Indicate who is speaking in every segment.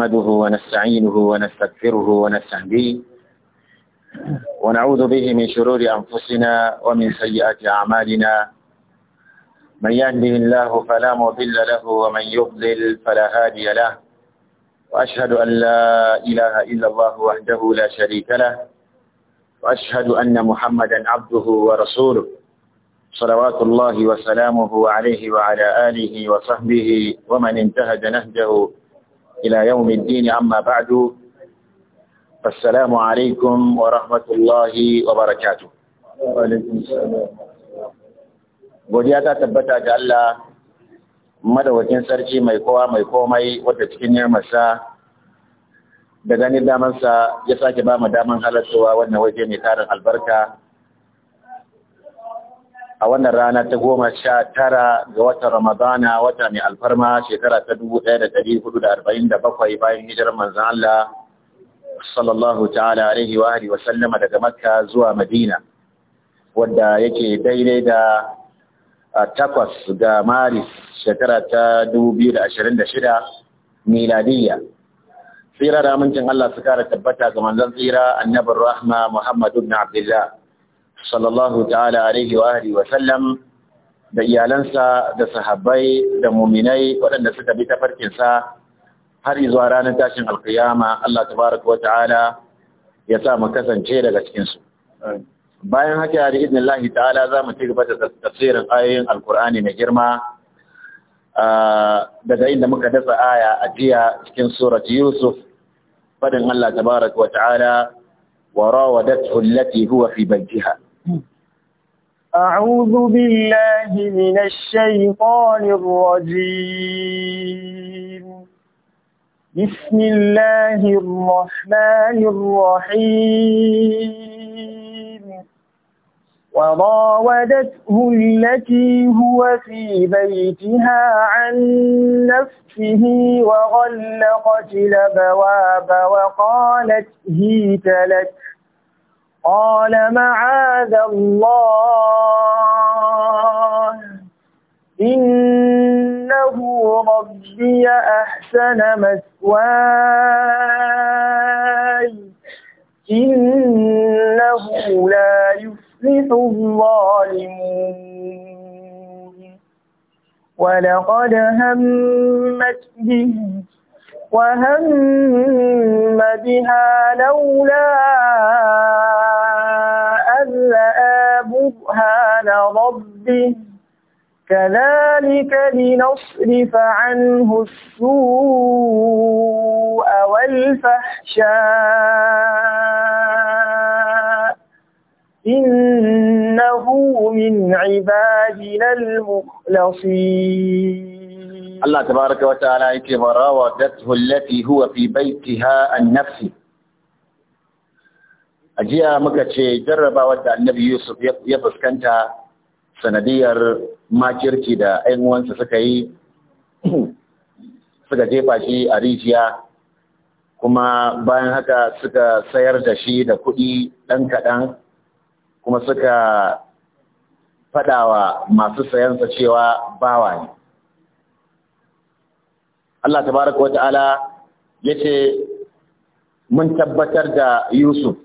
Speaker 1: نحمده ونستعينه ونستغفره ونستهديه ونعوذ به من شرور أنفسنا ومن سيئات أعمالنا من يهده الله فلا مضل له ومن يضلل فلا هادي له وأشهد أن لا إله إلا الله وحده لا شريك له وأشهد أن محمدا عبده ورسوله صلوات الله وسلامه عليه وعلى آله وصحبه ومن انتهج نهجه إلى يوم الدين أما بعد فالسلام عليكم ورحمة الله وبركاته godiya ta tabbata ga Allah madawakin sarki mai kowa mai komai wadda cikin yarmarsa da ganin damansa ya sake ba mu daman halartowa wannan waje mai tarin albarka a wannan rana ta goma sha tara ga watan Ramadana wata mai alfarma shekara ta dubu ɗaya da ɗari hudu da arba'in da bakwai bayan hijirar manzan Allah sallallahu ta'ala alaihi wa alihi wa sallama daga Makka zuwa Madina wanda yake daidai da takwas ga Maris shekara ta dubu biyu da ashirin da shida miladiyya. Tsira da amincin Allah su kara tabbata ga manzan tsira annabar rahma Muhammadu ibn Abdullah. sallallahu ta'ala alaihi wa alihi wa sallam da iyalansa da sahabbai da muminai waɗanda suka bi ta sa har zuwa ranar tashin alkiyama Allah tabaraka wa ta'ala ya sa mu kasance daga cikinsu. Bayan haka da iznillahi ta'ala za mu ci gaba da tafsirin ayoyin alkur'ani mai girma daga inda muka dasa aya a jiya cikin surat Yusuf fadin Allah tabaraka wa ta'ala wa rawadathu allati huwa fi baytiha
Speaker 2: أعوذ بالله من الشيطان الرجيم بسم الله الرحمن الرحيم وراودته التي هو في بيتها عن نفسه وغلقت الأبواب وقالت هيت لك قال معاذ الله إنه ربي أحسن مثواي إنه لا يفلح الظالمون ولقد همت به وهم بها لولا أن رأى برهان ربه كذلك لنصرف عنه السوء والفحشاء إنه من عبادنا المخلصين
Speaker 1: Allah tabaraka wa ta'ala yake farawadathu allati huwa fi baitiha an A jiya muka ce jarrabawar da annabi Yusuf ya fuskanta sanadiyar makirci da 'yan uwansa suka yi suka jefa shi a rijiya kuma bayan haka suka sayar da shi da kuɗi ɗan kaɗan kuma suka faɗawa masu sayansa cewa bawa ne Allah tabaraka ya ce mun tabbatar da Yusuf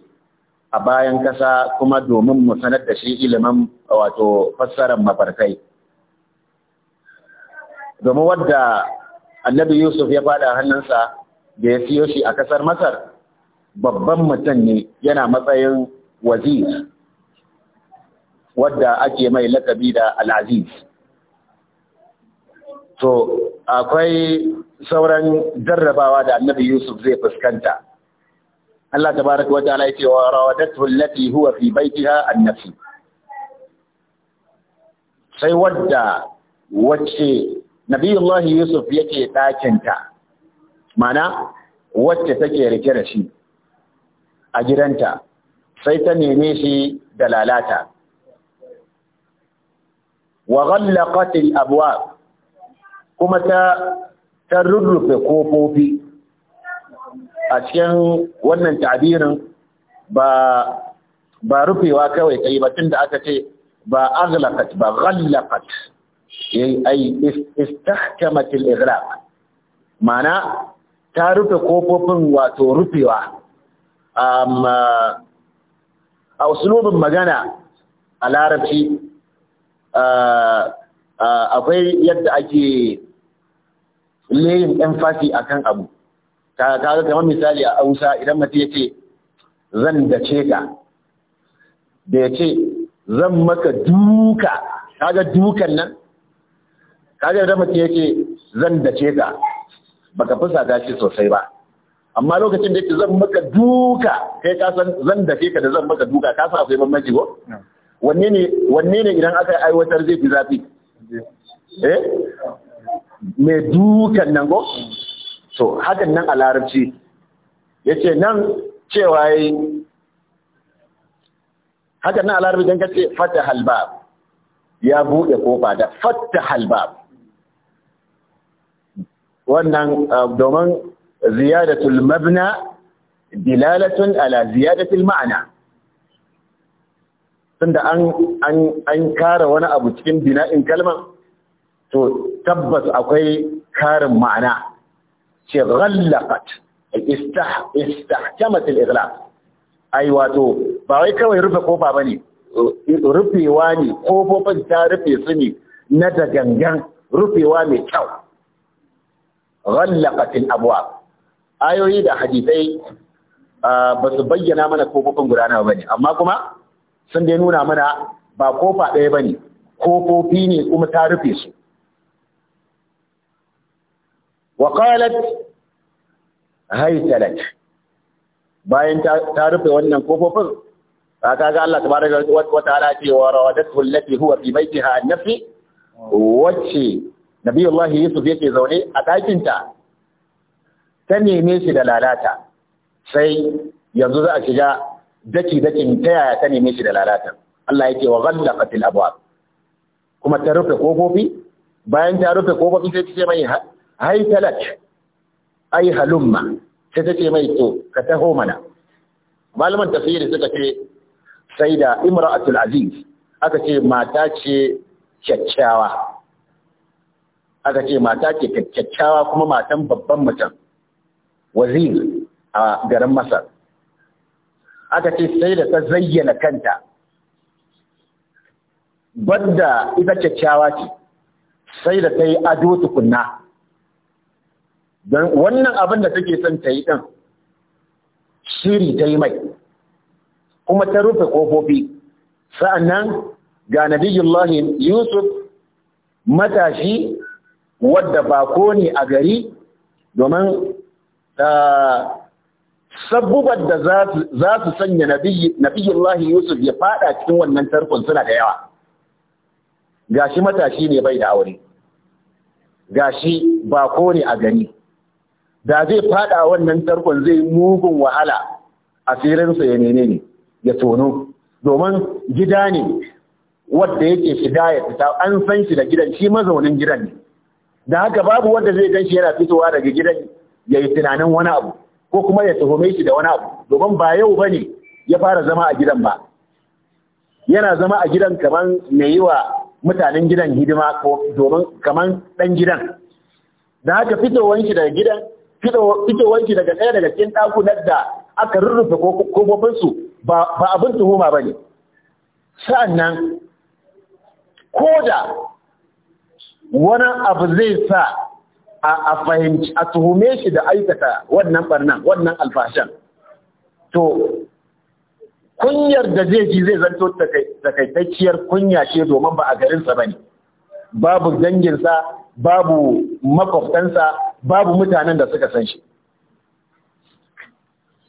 Speaker 1: a bayan kasa kuma domin mu sanar da shi ilimin wato fassarar mafarkai domin wadda annabi Yusuf ya fada hannunsa da ya siyo shi a kasar Masar babban mutum ne yana matsayin wazir wadda ake mai lakabi da al'aziz. To, akwai sauran jarrabawa da annabi Yusuf zai fuskanta. Allah tabaraka wa ta'ala yace wa rawadatu allati huwa fi baitiha an Sai wadda wacce Nabiyullahi Yusuf yake ɗakinta, mana wacce take rike da shi a gidanta, sai ta neme shi da lalata. Wa ghallaqat al-abwab kuma ta ta rurrufe kofofi a cikin wannan tabirin ba rufewa kawai kai ba da aka ce ba aghlaqat ba ghallaqat yayi istahkamat al-ighlaq mana ta rufe kofofin wato rufewa amma a usulubin magana a larabci akwai yadda ake layin emphasis kan abu ka ga kamar misali a Hausa idan mutum ya ce zan dace ka da ya ce zan maka duka kaga dukan nan kaga idan mutum ya ce zan dace ka baka fusata shi sosai ba amma lokacin da yake zan maka duka kai ka san zan dace ka da zan maka duka ka san akwai bambanci ko wanne ne wanne ne idan aka aiwatar zai fi zafi eh mai dukan nan go to hakan nan a larabci ce nan cewa yi hakan nan a larabci don kace fata halba ya ko kofa da fata halba. wannan ah, domin ziyadatul mabna dilalatun ala ziyadatul ma'ana tunda an an kara wani abu cikin bina'in kalmar to tabbas akwai karin ma'ana ce ghallaqat istahkamat al-ighlaq ai wato ba wai kawai rufe kofa bane rufewa ne kofofin ta rufe su ne na da gangan rufewa mai kyau ghallaqat al-abwab ayoyi da hadisai ba su bayyana mana kofofin gudana bane amma kuma sun dai nuna mana ba kofa ɗaya bane kofofi ne kuma ta rufe su وقالت هيتلك bayan ta rufe wannan kofofin kaga Allah tabaraka wa ta'ala ce wa rawadatu allati huwa fi baitiha an nafi. wacce nabiyullahi yusuf yake zaune a dakin ta ta neme shi da lalata sai yanzu za a shiga daki dakin ta yaya ta neme shi da lalata Allah yake wa ghallaqatil abwab kuma ta rufe kofofi bayan ta rufe kofofi sai ta ce mai haitalak ai halumma sai ta ce mai to ka taho mana malaman tafsiri suka ce sai da imra'atul aziz aka ce mata ce kyakkyawa aka ce mata ce kyakkyawa kuma matan babban mutum wazir a garin masar aka ce sai da ta zayyana kanta banda ita kyakkyawa ce sai da ta yi ado tukunna don wannan abin da take son ta yi ɗan shiri ta yi mai kuma ta rufe ƙofofi sa'annan ga nabiyullahi yusuf matashi wadda ko ne a gari domin sabubar da za su sanya nabiyullahi yusuf ya fada cikin wannan tarkon suna da yawa ga shi matashi ne bai da aure ga gashi bako ne a gari da zai fada wannan tarkon zai mugun wahala asirinsa ya nene ne ya tono domin gida ne wadda yake shiga ya fita an san shi da gidan shi mazaunin gidan ne da haka babu wanda zai gan shi yana fitowa daga gidan ya yi tunanin wani abu ko kuma ya tuhume shi da wani abu domin ba yau ba ne ya fara zama a gidan ba yana zama a gidan kamar mai yi wa mutanen gidan hidima domin kamar ɗan gidan da haka fitowar shi daga gidan fitowanki daga ɗaya daga cikin ɗakunan da aka rurrufe kofofinsu ba abin tuhuma ba ne. nan, ko da wani abu zai sa a fahimci a tuhume shi da aikata wannan barnan wannan alfashan to kunyar da zai ji zai zanto takaitacciyar kunya ce domin ba a garinsa ba ne babu danginsa babu makwabtansa babu mutanen da suka san shi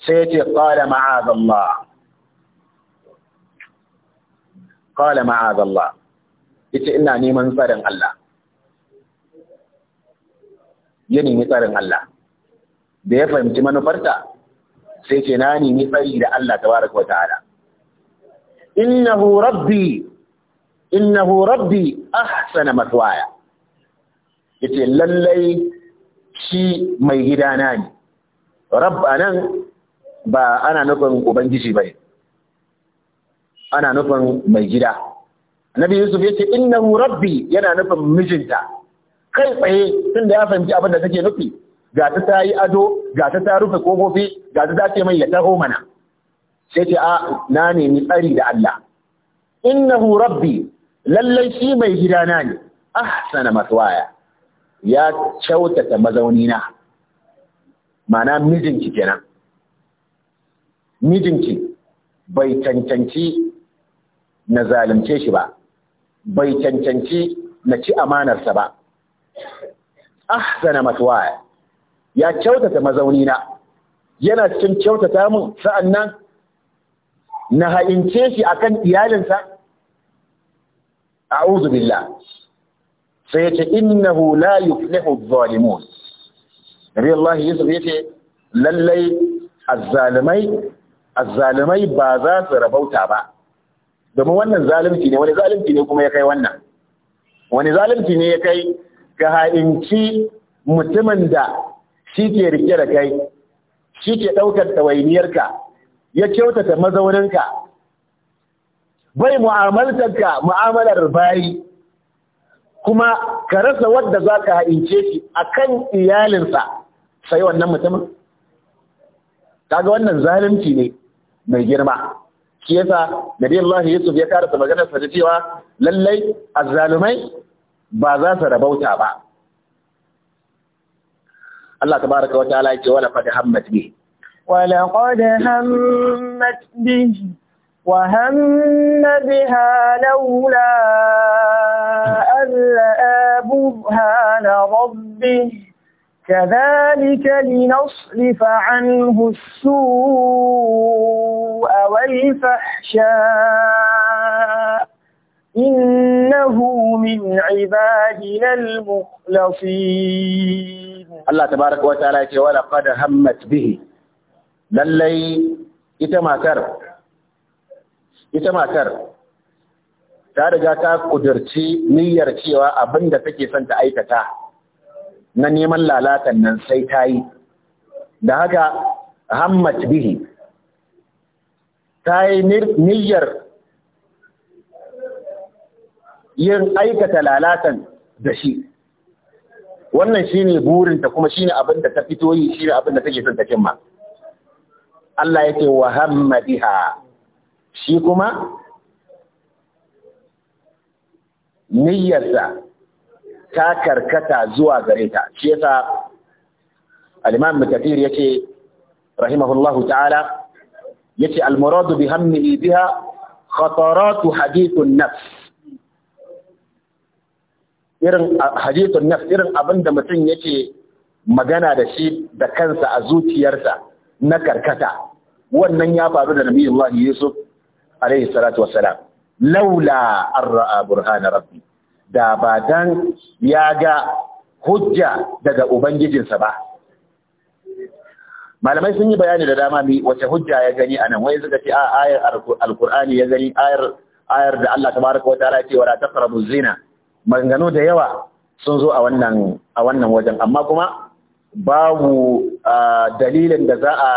Speaker 1: sai yace qala ma'azallah qala ma'azallah Ita ina neman tsarin Allah ya nemi tsarin Allah da ya fahimci manufarta sai ce na nemi tsari da Allah Ta tabaraka wata'ala innahu rabbi innahu rabbi ahsana matwaya Ita lallai shi mai gidana ne rab anan ba ana nufin ubangiji ba ana nufin mai gida nabi yusuf ya ce innahu rabbi yana nufin mijinta kai tsaye tun da ya fahimci abin da take nufi ga ta ta yi ado ga ta ta rufe kofofi ga ta ce mai ya taho mana sai ce a na nemi tsari da Allah innahu rabbi lallai shi mai gidana ne ahsana waya. ya kyautata mazaunina mana mijinki kenan mijinki bai cancanci na zalunce shi ba bai cancanci na ci amanarsa ba ahsana matwaya ya kyautata mazaunina yana cikin kyautata mun sa'annan na haince shi a kan iyalinsa a'udhu billah sai ya ce innahu la yuflihu adh Nabi Allah Yusuf ya ce lallai azzalimai azzalimai ba za su rabauta ba domin wannan zalunci ne wani zalunci ne kuma ya kai wannan wani zalunci ne ya kai ka ha'inci mutumin da shi ke rike da kai shi ke ɗaukar ɗawainiyarka ya kyautata mazauninka bai mu'amaltarka mu'amalar bayi kuma ka rasa wadda za ka haince shi a kan iyalinsa sai wannan mutumin kaga wannan zalunci ne mai girma shi yasa nabi Allah Yusuf ya karasa maganar sa cewa lallai a zalumai, ba za su rabauta ba Allah ta baraka wata ala ce wala qad
Speaker 2: hammat bi wala qad hammat bi wa hamma biha laula أن رأى برهان ربه كذلك لنصرف عنه السوء والفحشاء إنه من عبادنا المخلصين الله
Speaker 1: تبارك وتعالى ولقد همت به للي يتماكر يتماكر ta riga ta kudurci niyyar cewa abin da take son ta aikata na neman lalatan nan sai ta yi da haka hammat bihi ta yi niyyar yin aikata lalatan da shi wannan shi ne burinta kuma ne abin da ta fito yi shi ne abin da take son ta cimma Allah yake wa hamma biha shi kuma niyyarsa ta karkata zuwa gare ta shi yasa al-imam mutatir yace rahimahullahu ta'ala yace al-muradu bi hammihi biha khataratu hadithun nafs irin hadithun nafs irin abinda mutum yake magana da shi da kansa a zuciyarsa na karkata wannan ya faru da nabiyullahi yusuf alaihi salatu wassalam laula an ra'a burhana rabbi da ba dan ya ga hujja daga ubangijinsa ba malamai sun yi bayani da dama mi wace hujja ya gani anan wai suka ce a ayar alqur'ani ya gani ayar ayar da Allah tabaraka wa ta'ala ya ce la taqrabu zina maganganu da yawa sun zo a wannan a wannan wajen amma kuma babu ah, dalilin da za a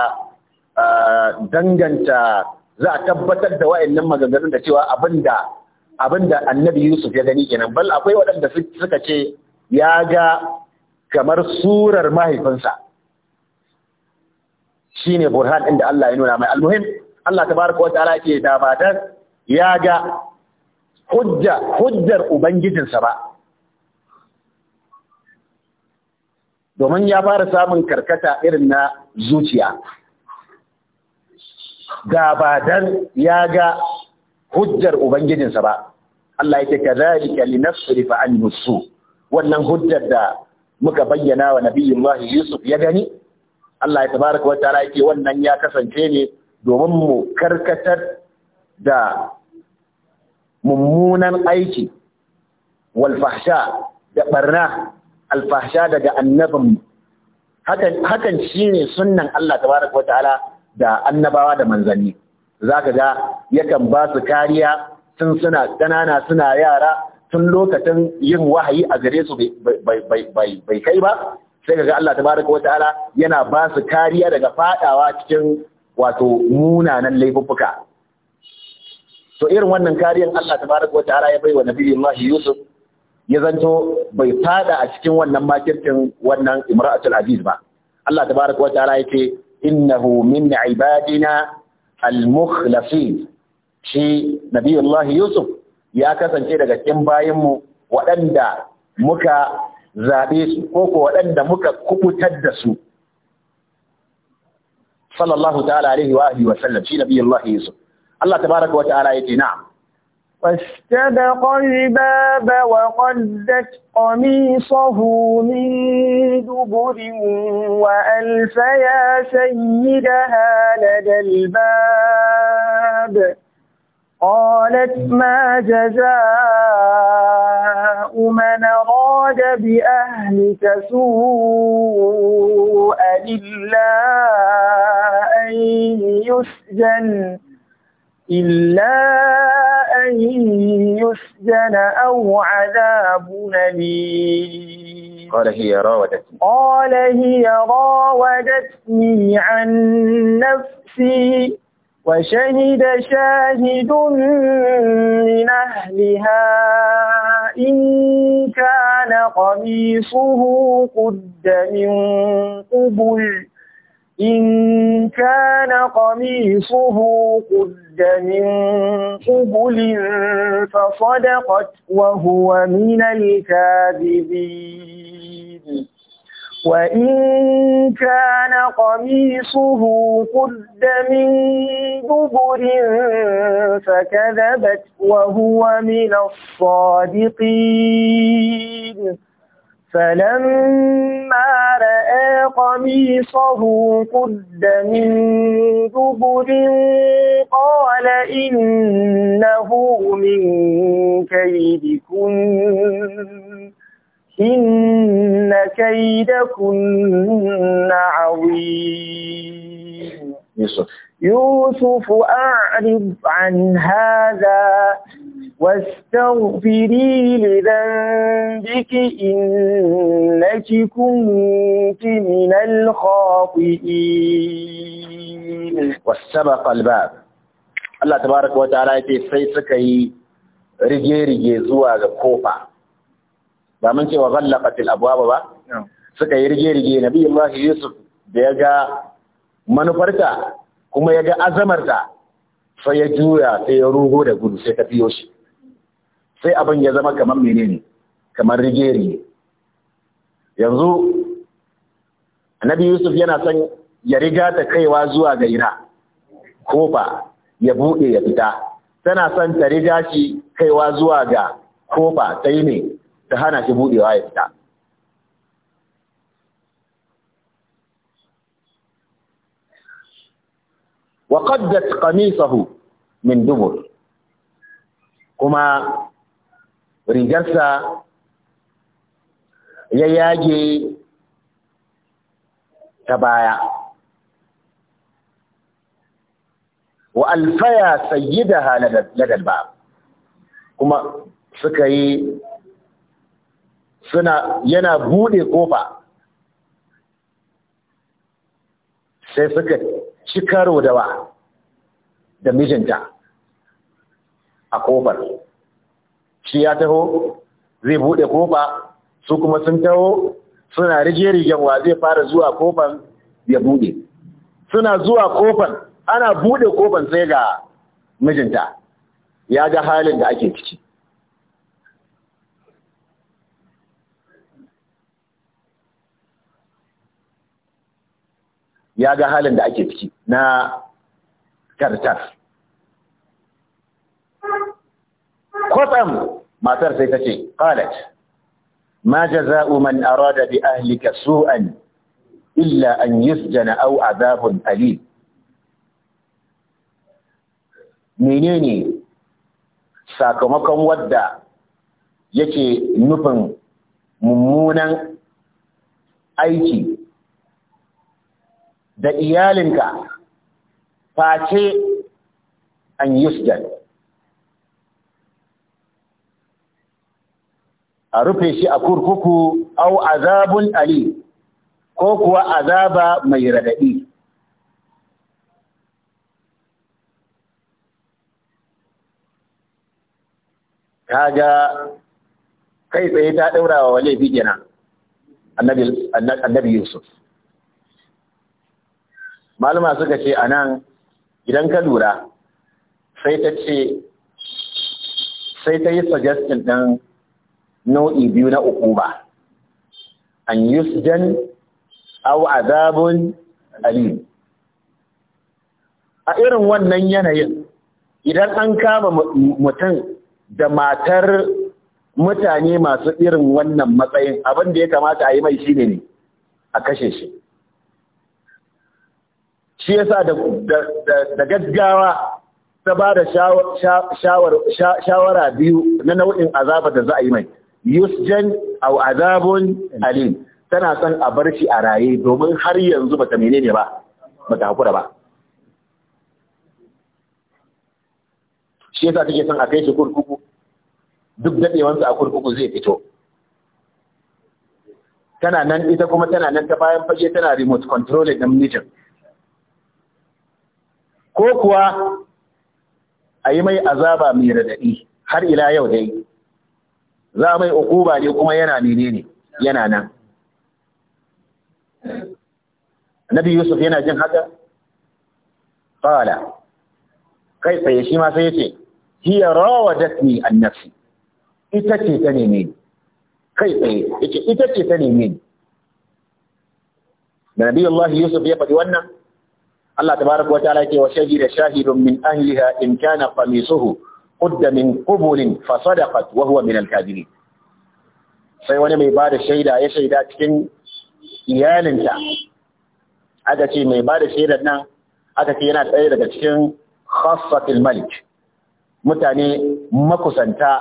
Speaker 1: ah, danganta za a tabbatar da wa'annan maganganun da cewa abinda abinda annabi Yusuf ya gani kenan bal akwai waɗanda suka ce ya ga kamar surar mahaifinsa shine burhan inda Allah ya nuna mai almuhim Allah tabaraka wa ta'ala ke da ba dan ya ga hujjar ubangijinsa ba domin ya fara samun karkata irin na zuciya da ba dan ya ga hujjar ubangijinsa ba Allah yake kadhalika linasrifa anhu su wannan hujjar da muka bayyana wa nabiyullahi Yusuf ya gani Allah ya tabaraka wa ta'ala wannan ya kasance ne domin mu karkatar da mummunan aiki wal da barna al daga annabin hakan hakan shine sunnan Allah tabaraka wata ala. da annabawa da manzanni za ka ga yakan ba su kariya tun suna ƙanana suna yara tun lokacin yin wahayi a gare su bai kai ba sai ka ga Allah Ta wa ta'ala yana ba su kariya daga fadawa cikin wato munanan laifuffuka to irin wannan kariyan Allah Ta wa ta'ala ya bai wa nabiyullahi Yusuf ya zanto bai fada a cikin wannan makircin wannan imra'atul aziz ba Allah Ta baraka wa ya ce innahu min ibadina al-mukhlasin shi nabiyullahi yusuf ya kasance daga cikin bayanmu waɗanda muka zaɓe su ko waɗanda muka kubutar da su sallallahu ta'ala wa alihi wa sallam shi nabiyullahi yusuf Allah tabaraka wa yace
Speaker 2: na'am فاستبق الباب وقدت قميصه من دبر وألف يا سيدها لدى الباب قالت ما جزاء من راد بأهلك سوءا إلا أن يسجن إلا أن يسجن أو عذاب أليم
Speaker 1: قال هي راودتني
Speaker 2: قال هي راودتني عن نفسي وشهد شاهد من أهلها إن كان قميصه قد من قبل إن كان قميصه قد من قبل فصدقت وهو من الكاذبين وإن كان قميصه قد من دبر فكذبت وهو من الصادقين فلما رأى قميصه قد من دبر قال إنه من كيدكن إن كيدكن عظيم يوسف أعرض عن هذا واستغفري لذنبك إنك كنت من Allah
Speaker 1: ta الباب الله تبارك وتعالى يتي sai suka yi rige-rige zuwa ga kofa ba mun cewa ghallaqatil abwaba ba suka yi rige-rige nabiyullahi yusuf da ya ga manufarta kuma ya ga azamarta sai ya juya sai ya rugo da gudu sai ta fiyo shi sai abin ya zama kamar menene kamar rigeri yanzu Nabi yusuf yana son ya riga ta kaiwa zuwa ga ina ba ya buɗe ya fita tana son ta riga shi kaiwa zuwa ga kofa ta yi ne ta hana shi buɗewa ya fita وقدت قميصه min dubur kuma rigarsa ya yage ta baya wa alfaya sayyida ladal ba kuma suka yi suna yana bude kofa sai suka cikaro karo da wa da mijinta a kofar shi ya taho zai buɗe kofa su kuma sun taho suna rige-rigen wa zai fara zuwa kofan ya buɗe suna zuwa kofan ana buɗe kofan sai ga mijinta ya ga halin da ake ciki ya ga halin da ake ciki na kartar kwatsam matar sai ta ce qalat ma jaza'u man arada bi ahlika su'an illa an yusjana aw adhabun alim menene sakamakon wadda yake nufin mummunan aiki da iyalinka face an yusjan a rufe shi a kurkuku au azabun ali ko kuwa azaba mai raɗaɗi. Kaga kai tsaye ta ɗaura wa wale bigina annabi Yusuf. Maluma suka ce a nan idan ka lura sai ta ce sai ta yi suggestion ɗin nau'i biyu na ukuba an yusjan aw azabun alim a irin wannan yanayin idan an kama mutum da matar mutane masu irin wannan matsayin abin da ya kamata a yi mai shine ne a kashe shi shi yasa da gaggawa ta ba da shawara biyu na nau'in azaba da za a yi mai yusjan aw azabun hmm. alim tana son a bar shi a raye domin har yanzu bata menene ba bata hakura ba shi yasa kake son a kai shi kurkuku duk dadewansa a kurkuku zai fito tana nan ita kuma tana nan ta bayan fage tana remote control din mijin ko kuwa a yi mai azaba mai radadi har ila yau dai za mai ukuba ne kuma yana menene yana nan Nabi Yusuf yana jin haka qala kai tsaye shi ma sai ce hiya rawadatni an nafsi ita ce ta neme kai tsaye yace ita ce ta neme da Nabi Allah Yusuf ya faɗi wannan Allah ta tabaraka wa ta'ala yake wa shahida shahidun min ahliha in kana suhu. udda min qubulin fa sadaqat wa huwa min al sai wani mai bada shaida ya shaida cikin iyalinta aka ce mai bada shaidar nan aka ce yana tsaye daga cikin khassatil malik mutane makusanta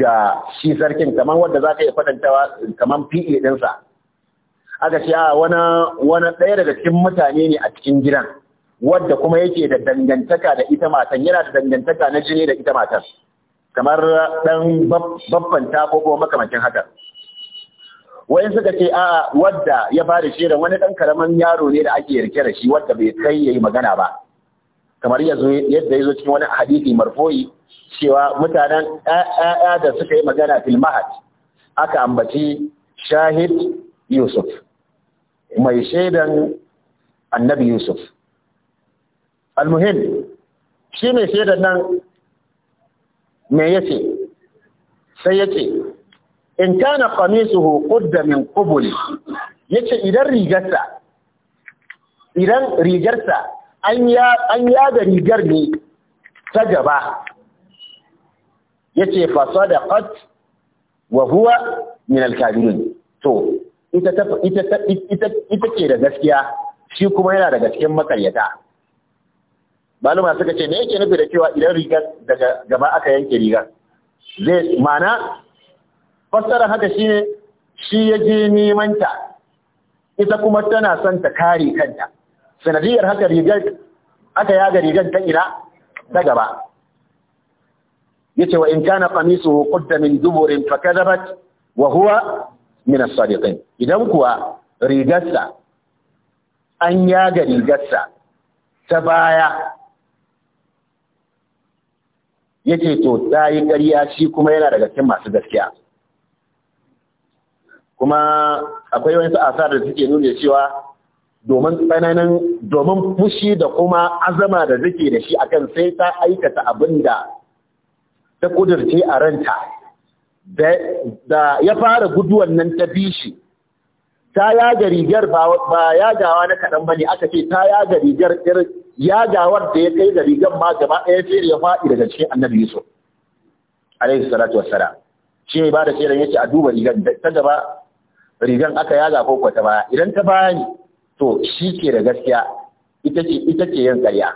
Speaker 1: ga shi sarkin kamar wanda za ka yi kwatantawa kamar fi'e ɗinsa aka ce a wani ɗaya daga cikin mutane ne a cikin gidan wadda kuma yake da dangantaka da ita matan yana da dangantaka na jini da ita matan kamar dan babban ko kuma makamancin haka wayan suka ce a wadda ya fara shirin wani dan karaman yaro ne da ake rike da shi wadda bai kai yayi magana ba kamar yanzu yadda yazo cikin wani hadisi marfoyi cewa mutanen ƴaƴa da suka yi magana fil mahad aka ambaci shahid yusuf mai shaidan annabi yusuf almuhim shi mai shaidar nan me yace sai yace in kana hukud da min qubul yace idan rigarsa idan rigarsa an ya da rigar ne ta gaba yace da sadaqat wa huwa min al to ita ce da gaskiya shi kuma yana daga cikin makaryata maluma suka ce me yake nufi da cewa idan rigar daga gaba aka yanke rigar zai mana fassara haka shine shi ya je neman ta ita kuma tana son ta kare kanta sanadiyar haka rigar aka yaga rigar ta ina ta gaba yace wa in kana qamisuhu qudda min duburin fakadabat wa huwa min as-sadiqin idan kuwa rigarsa an yaga rigarsa ta baya yake to ta yi ƙarya shi kuma yana daga cikin masu gaskiya kuma akwai wani asar da suke nuna cewa domin tsananin domin fushi da kuma azama da zake da shi akan sai ta aikata abin da ta kudirce a ranta da ya fara guduwan nan ta bi shi ta yaga rigar ba yagawa na kaɗan ba ne aka ce ta yaga rigar ya gawar da ya kai da rigan ma gaba ɗaya sai ya faɗi daga cikin annabi Yusuf alaihi salatu wassalam shi mai bada shedan yace a duba rigan da ta gaba rigan aka yaga ko kwata baya idan ta baya ne to shi ke da gaskiya ita ce ita ce yin ƙarya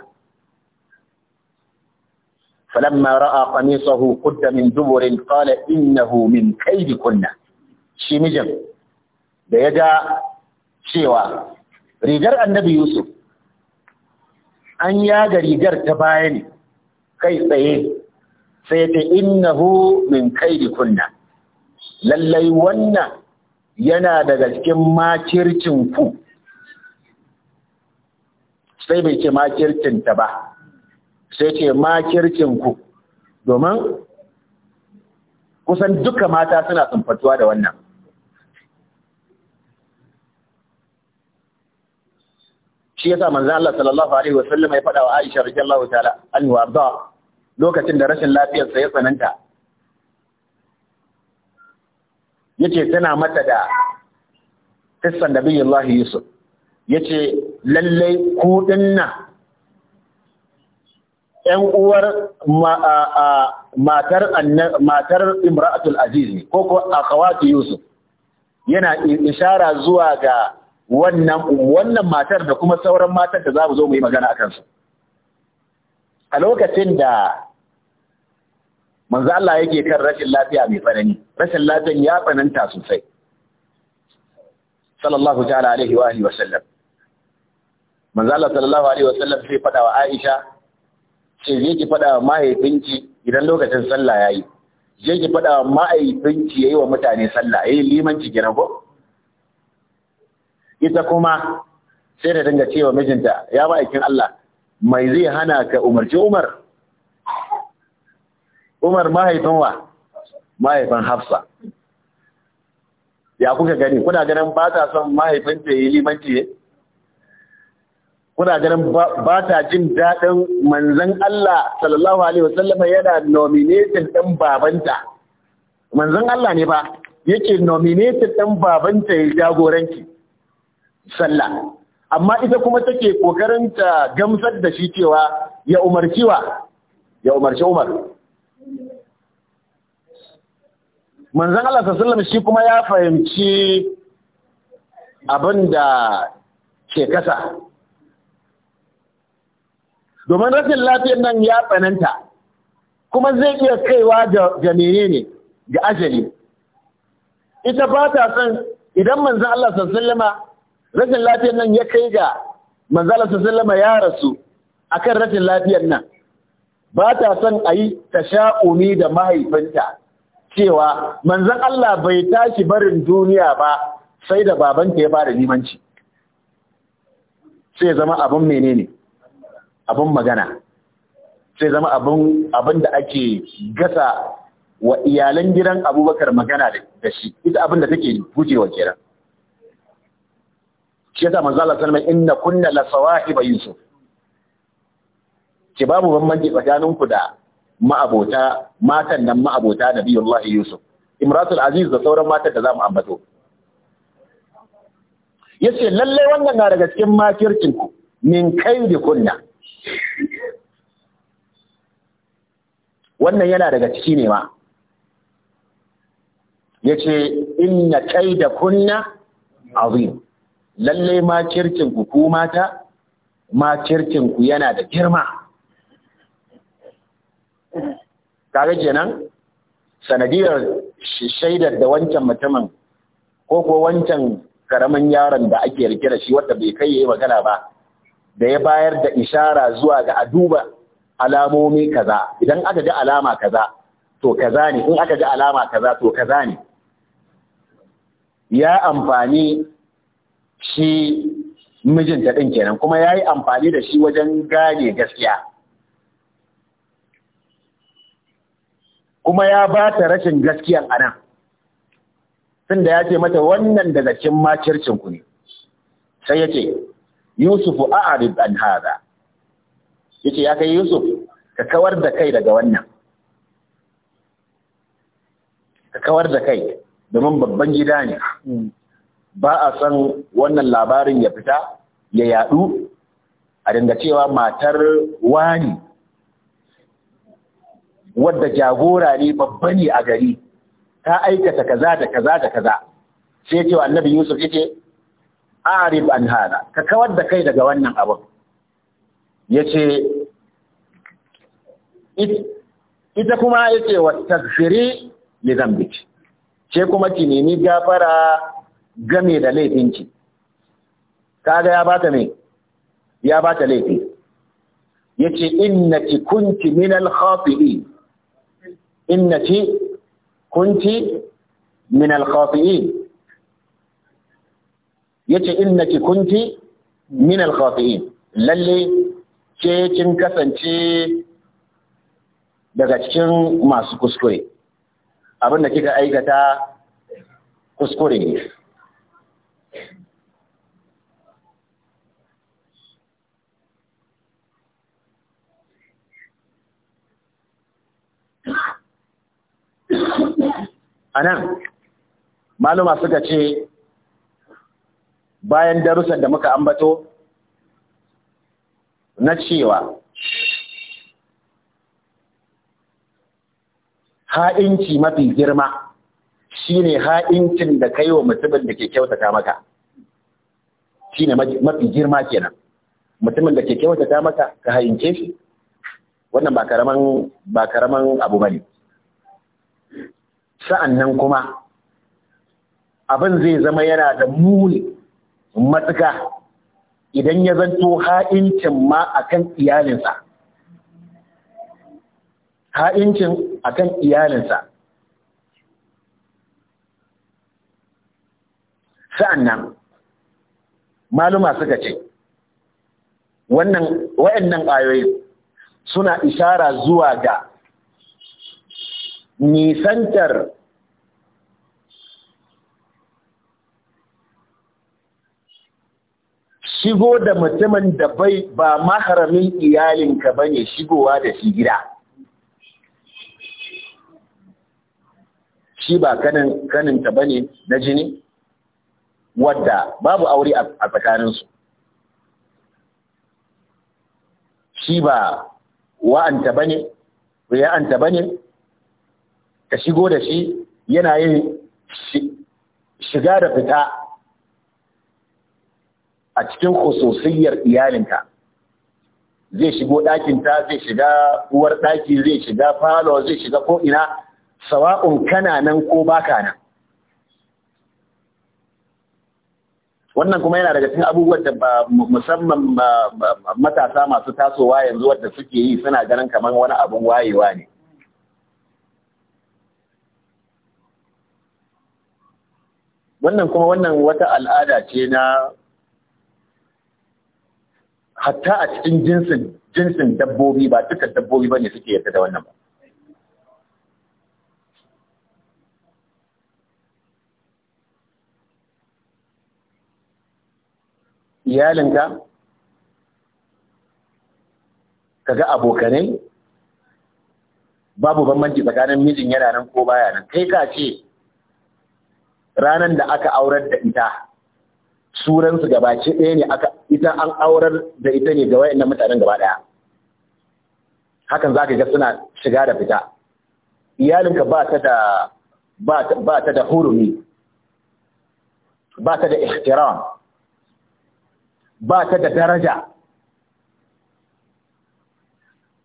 Speaker 1: falamma ra'a qamisahu qudda min duburin qala innahu min kaydikunna shi mijin da ya ga cewa rigar annabi Yusuf an yaga rigar ta baya ne kai tsaye sai ta innahu min kai kaidi kunna lallai wannan yana daga cikin makircin ku sai bai ce makircin ta ba sai ce makircin ku domin kusan duka mata suna tsumfatuwa da wannan shi yasa manzo Allah sallallahu alaihi wasallam ya faɗa wa Aisha radiyallahu ta'ala anhu arda lokacin da rashin lafiyarsa ya tsananta yace tana mata da kissan da billahi Yusuf yace lalle ku dinna yan uwar matar matar imra'atul aziz ko ko akhawati Yusuf yana ishara zuwa ga wannan matar da kuma sauran matar da za mu zo mu yi magana a kansu a lokacin da manzo Allah yake kan rashin lafiya mai tsanani rashin lafiyan ya tsananta sosai sallallahu ta'ala alaihi wa alihi wa sallam manzo Allah sallallahu alaihi wa sallam sai fada wa Aisha sai je ki fada wa mahaifinki idan lokacin sallah yayi je ki fada wa mahaifinki yayi wa mutane sallah yayi limanci gina ko ita kuma sai da dinga cewa mijinta ya ba aikin Allah mai zai hana ka umarci Umar Umar mahaifin wa mahaifin Hafsa ya kuka gani kuna ganin ba ta son mahaifinta yi limanci ne kuna ganin ba ta jin daɗin manzon Allah sallallahu alaihi wasallam yana nominating ɗin babanta manzon Allah ne ba yake nominating ɗin babanta ya jagoranci sallah amma ita kuma take kokarin ta gamsar da shi cewa ya umarci wa ya umarci Umar manzan Allah sallallahu shi kuma ya fahimci abin da ke kasa domin rashin lafiyar nan ya tsananta kuma zai iya kaiwa ga menene ga ajali ita ba ta son idan manzan Allah sallallahu rashin lafiyar nan ya kai ga manzala sallama ya rasu kan rashin lafiyar nan ba ta son a yi ta umi da mahaifinta cewa manzan Allah bai tashi barin duniya ba sai da babanta ya bada limanci sai zama abin menene abin magana sai zama abin da ake gasa wa iyalan gidan abubakar magana da shi ita abin da take gujewa kenan shi yasa manzo Allah sallallahu inna kunna la ba yusuf ki babu bambanci tsakanin ku da ma'abota matan nan ma'abota nabiyullah yusuf imratul aziz da sauran matan da za mu ambato yace lallai wannan na daga cikin makircin ku min da kunna wannan yana daga ciki ne ma yace inna da kunna azim lalle ma kirkin ku ku mata ma kirkin ku yana da girma kaga kenan sanadiyar shaidar da wancan mutumin ko ko wancan karamin yaron da ake rike da shi wanda bai kai yayi magana ba da ya bayar da ishara zuwa ga a duba alamomi kaza idan aka ji alama kaza to kaza ne in aka ji alama kaza to kaza ne ya amfani shi mijinta ɗin kenan kuma ya yi amfani da shi wajen gane gaskiya kuma ya ba ta rashin gaskiyan a nan tun da ya ce mata wannan daga cikin macircin ku ne sai ya ce yusufu a'arib an haza ya ce ya kai yusuf ka kawar da kai daga wannan ka kawar da kai domin babban gida ne hmm. ba a san wannan labarin ya fita ya yadu a dinga cewa matar wani wadda jagora ne babba ne a gari ta aikata kaza da kaza da kaza sai cewa annabi yusuf yake arif an hada ka kawar da kai daga wannan abin ce ita kuma wata zire li dhanbik ce kuma ki nemi gafara game da Ka kaga ya bata me ya bata laifi yace innaki kunti minal khati'in innaki kunti minal khati'in yace innaki kunti minal khati'in lalle ce kin kasance daga cikin masu kuskure abinda kika aikata kuskure ne
Speaker 2: a
Speaker 1: nan maluma suka ce bayan darussan da muka ambato na cewa ha'inci mafi girma shi ne ha'incin da yi wa mutumin da ke kyautata maka shi ne mafi girma kenan mutumin da ke kyautata maka ka ha'ince shi wannan ba karaman ba karaman abu bane sa'annan kuma abin zai zama yana da muni matuka idan ya zanto ha'incin ma kan iyalinsa ha'incin kan iyalinsa sa'annan maluma suka ce wannan nan ayoyin suna ishara zuwa ga nisantar shigo da mutumin da bai ba maharamin iyalinka ba ne shigowa da shi gida shi ba kaninta ba ne na jini wadda babu aure a tsakaninsu shi ba wa'anta ba ne, ba ne, ka shigo da shi yana yin shiga da fita a cikin hososiyar iyalinka zai shigo ɗakinta zai shiga uwar ɗaki zai shiga falo zai shiga ko'ina sawa'un kana nan ko baka nan wannan kuma yana daga cikin abubuwan da musamman matasa masu tasowa yanzu wadda suke yi suna ganin kamar wani abin wayewa ne wannan kuma wannan wata al'ada ce na hatta a cikin jinsin jinsin dabbobi ba duka dabbobi ba ne suke yadda da wannan ba iyalinka kaga abokanai babu bambanci tsakanin mijin yana nan ko baya nan kai ka ce ranar da aka aurar da ita suransu gabace ɗaya ne aka ita an aurar da ita ne ga wayannan mutanen gaba ɗaya hakan zaka ga suna shiga da fita iyalinka ba ta da ba ta da hurumi ba ta da ihtiram ba ta da daraja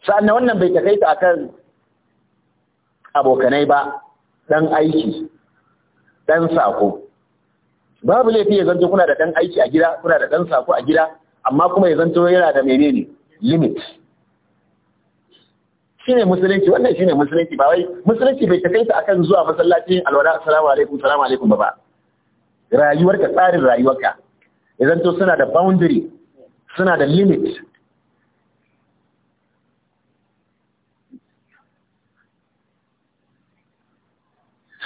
Speaker 1: sa'an wannan bai takaita akan abokanai ba dan aiki ɗan sako babu laifi ya zanto kuna da ɗan aiki a gida kuna da ɗan sako a gida amma kuma ya zanto yana da menene limit shine musulunci wannan shine musulunci ba wai musulunci bai ta akan zuwa yin alwada. assalamu alaikum Salamu alaikum ba rayuwarka tsarin rayuwarka ya zanto suna da boundary suna da limit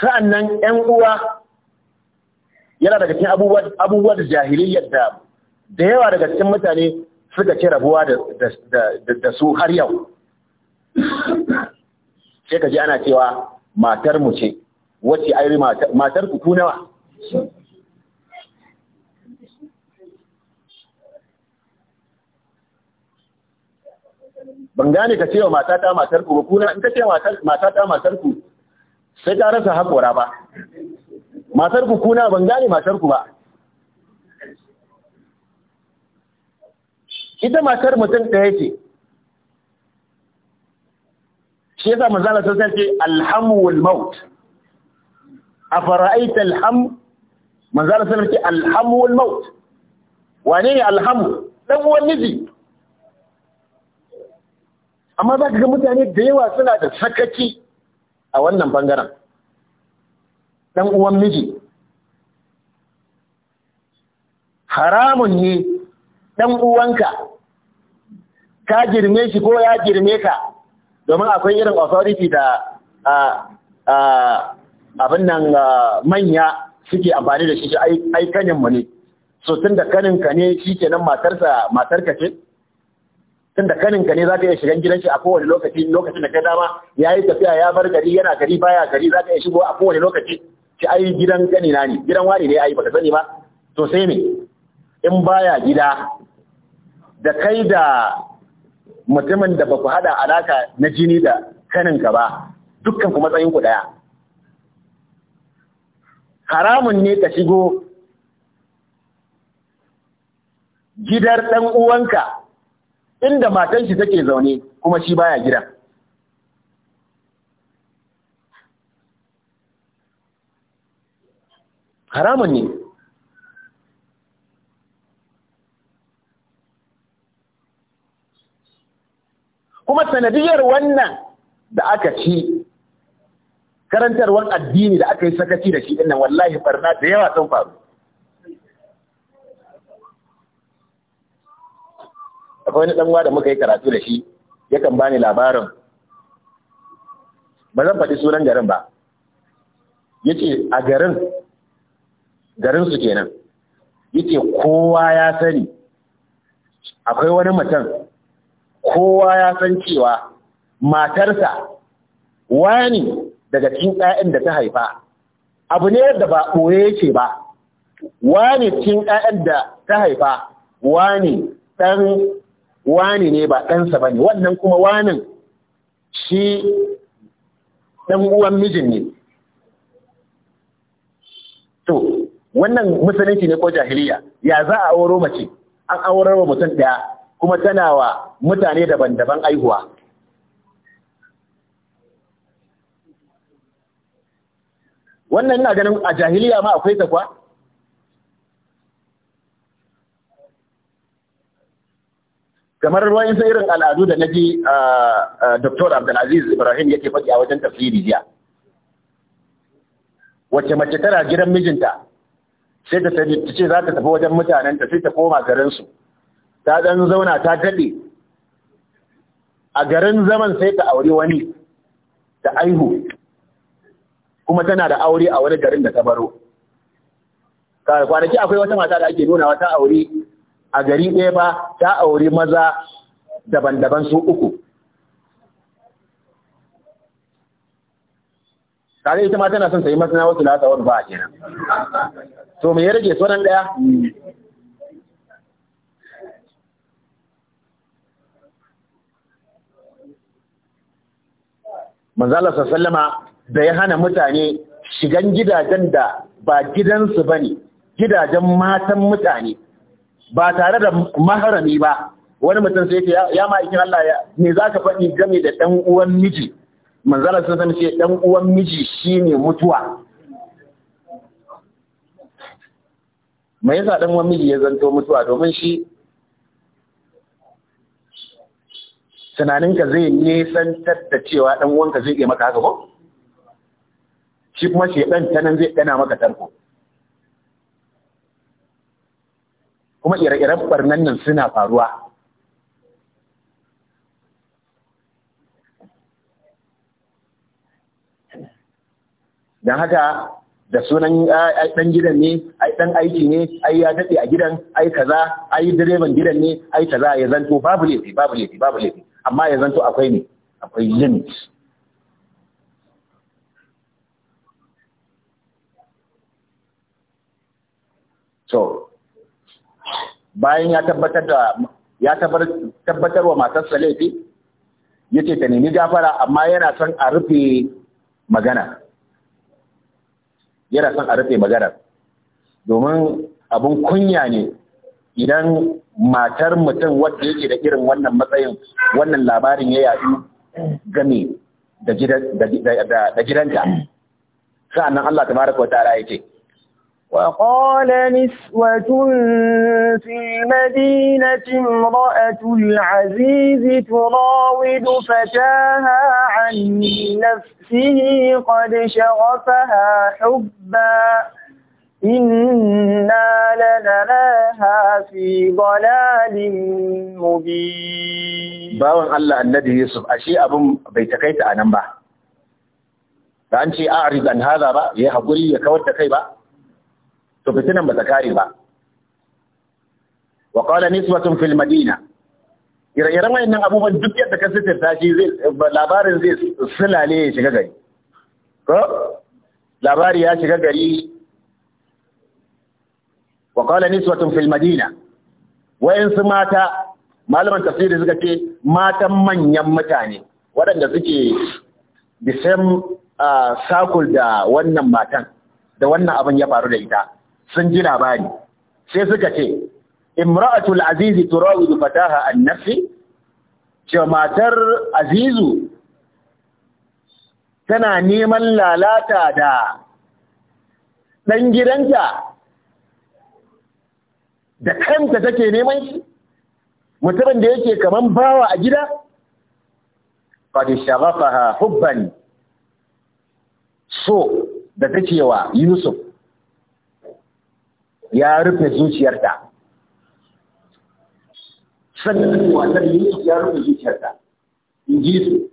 Speaker 2: sa'annan ‘yan uwa
Speaker 1: yana daga cikin abubuwa da jahiliyyar da da yawa daga cikin mutane suka ce rabuwa da su har yau sai ka ji ana cewa matar mu ce wacce ayi matar ku nawa ban gane ka ce wa matata matar ku ba kuna in ka ce matata matar ku sai ta rasa haƙora ba matar ku kuna ban gane matar ku ba ita matar mutum ɗaya ce shi yasa manzala sun sace alhamu wal maut a fara'aita alham manzala sun sace alhamu wal maut wane ne alhamu ɗan uwan miji amma za ka ga mutane da yawa suna da sakaci a wannan bangaren ɗan uwan miji haramun ne ɗan uwanka ka girme shi ko ya girme ka domin akwai irin authority da abin nan manya suke amfani da shi ai mu ne so tun da kaninka ne shi kenan matarka ce tunda kanin ka ne zaka iya shigan gidan shi a kowane lokaci lokacin da ka dama yayi tafiya ya bar gari yana gari baya gari zaka iya shigo a kowane lokaci ci ai gidan kani na ne gidan wani ne ai baka sani ba to sai me in baya gida da kai da mutumin da baku hada alaka na jini da kanin ka ba dukkan ku matsayin ku daya haramun ne ka shigo gidar ɗan uwanka inda matan shi take zaune kuma shi baya gida haramun ne kuma sanadiyar wannan da aka ci karantarwar addini da aka yi sakaci da shi ɗin wallahi barna da yawa sun faru akwai wani ɗanwa da muka yi karatu da shi yakan ba ni labarin ba zan faɗi sunan garin ba ya ce a garin su kenan ya ce kowa ya sani akwai wani mutum kowa ya san cewa matarsa wani daga cikin ɗayan da ta haifa abu ne da ba ɓoye ce ba wani cikin ɗayan da ta haifa wani ɗan wani ne ba ɗansa ba ne wannan kuma wanin shi ɗan uwan mijin ne to wannan musulunci ne ko jahiliya ya za a auro mace an aurar wa mutum ɗaya kuma tana wa mutane daban-daban aihuwa wannan ina ganin a jahiliya ma akwai ta kwa kamar wayan sai irin al'adu da naji Dr. Abdulaziz Ibrahim yake faɗi a wajen tafsiri jiya wacce mace tara gidan mijinta sai ta ce za ta tafi wajen mutanen ta sai ta koma garin su ta dan zauna ta daɗe a garin zaman sai ta aure wani ta aihu kuma tana da aure a wani garin da ta baro kwanaki akwai wata mata da ake nuna wata aure a gari ɗaya ba ta auri maza daban-daban su uku kare ita ma tana son sayi masana wasu wani ba a kenan to me ya rage sauran ɗaya manzala sallama da ya hana mutane shigan gidajen da ba gidansu ba ne gidajen matan mutane ba tare da maharami ba wani mutum sai ce ya ma'aikin Allah ya ne za ka faɗi game da ɗan uwan miji manzalar sun san ce ɗan uwan miji ne mutuwa me yasa ɗan uwan miji ya zanto mutuwa domin shi tunaninka zai nesantar da cewa ɗan uwanka zai iya maka haka ko shi kuma shi ta nan zai ɗana maka tarko kuma ire-iren barnan nan suna faruwa don haka da sunan ɗan gidan ne ai ɗan aiki ne ai ya daɗe a gidan ai kaza ai direban gidan ne ai kaza ya zanto babu laifi babu laifi babu laifi amma ya zanto akwai ne akwai limit so bayan ya tabbatar da ya tabbatar wa matarsa laifi ya ce ta nemi gafara amma yana son a rufe magana yana son a rufe magana domin abin kunya ne idan matar mutum wadda yake da irin wannan matsayin wannan labarin ya yaɗu game da gidanta sa'annan Allah ta mara wa ta'ala yake
Speaker 2: وقال نسوة في المدينة امرأة العزيز تراود فتاها عن نفسه قد شغفها حبا إنا لنراها في ضلال مبين
Speaker 1: باون الله الذي يوسف أشيء أبو بيتكيت أنبه فأنت أعرض عن هذا بقى يا لك يا كوت to fitinan ba ta kare ba wa qala nisbatun fil madina ira mai nan abubuwan duk yadda ka ta shi labarin zai sulale ya shiga gari ko labari ya shiga gari wa qala nisbatun fil madina Wa wayansu mata malaman tafsiri suka ce matan manyan mutane waɗanda suke the same ah, circle da wannan matan da wannan abin ya faru da ita sun ji labari sai suka ce imra'atul azizi turawidu fataha annafi nafsi matar azizu tana neman lalata da ɗan gidanta da kanta take neman shi mutumin da yake kaman bawa a gida qad shaghafaha hubban so da take wa yusuf ya rufe zuciyarta sannan wasan
Speaker 2: yusuf ya rufe zuciyarta in ji su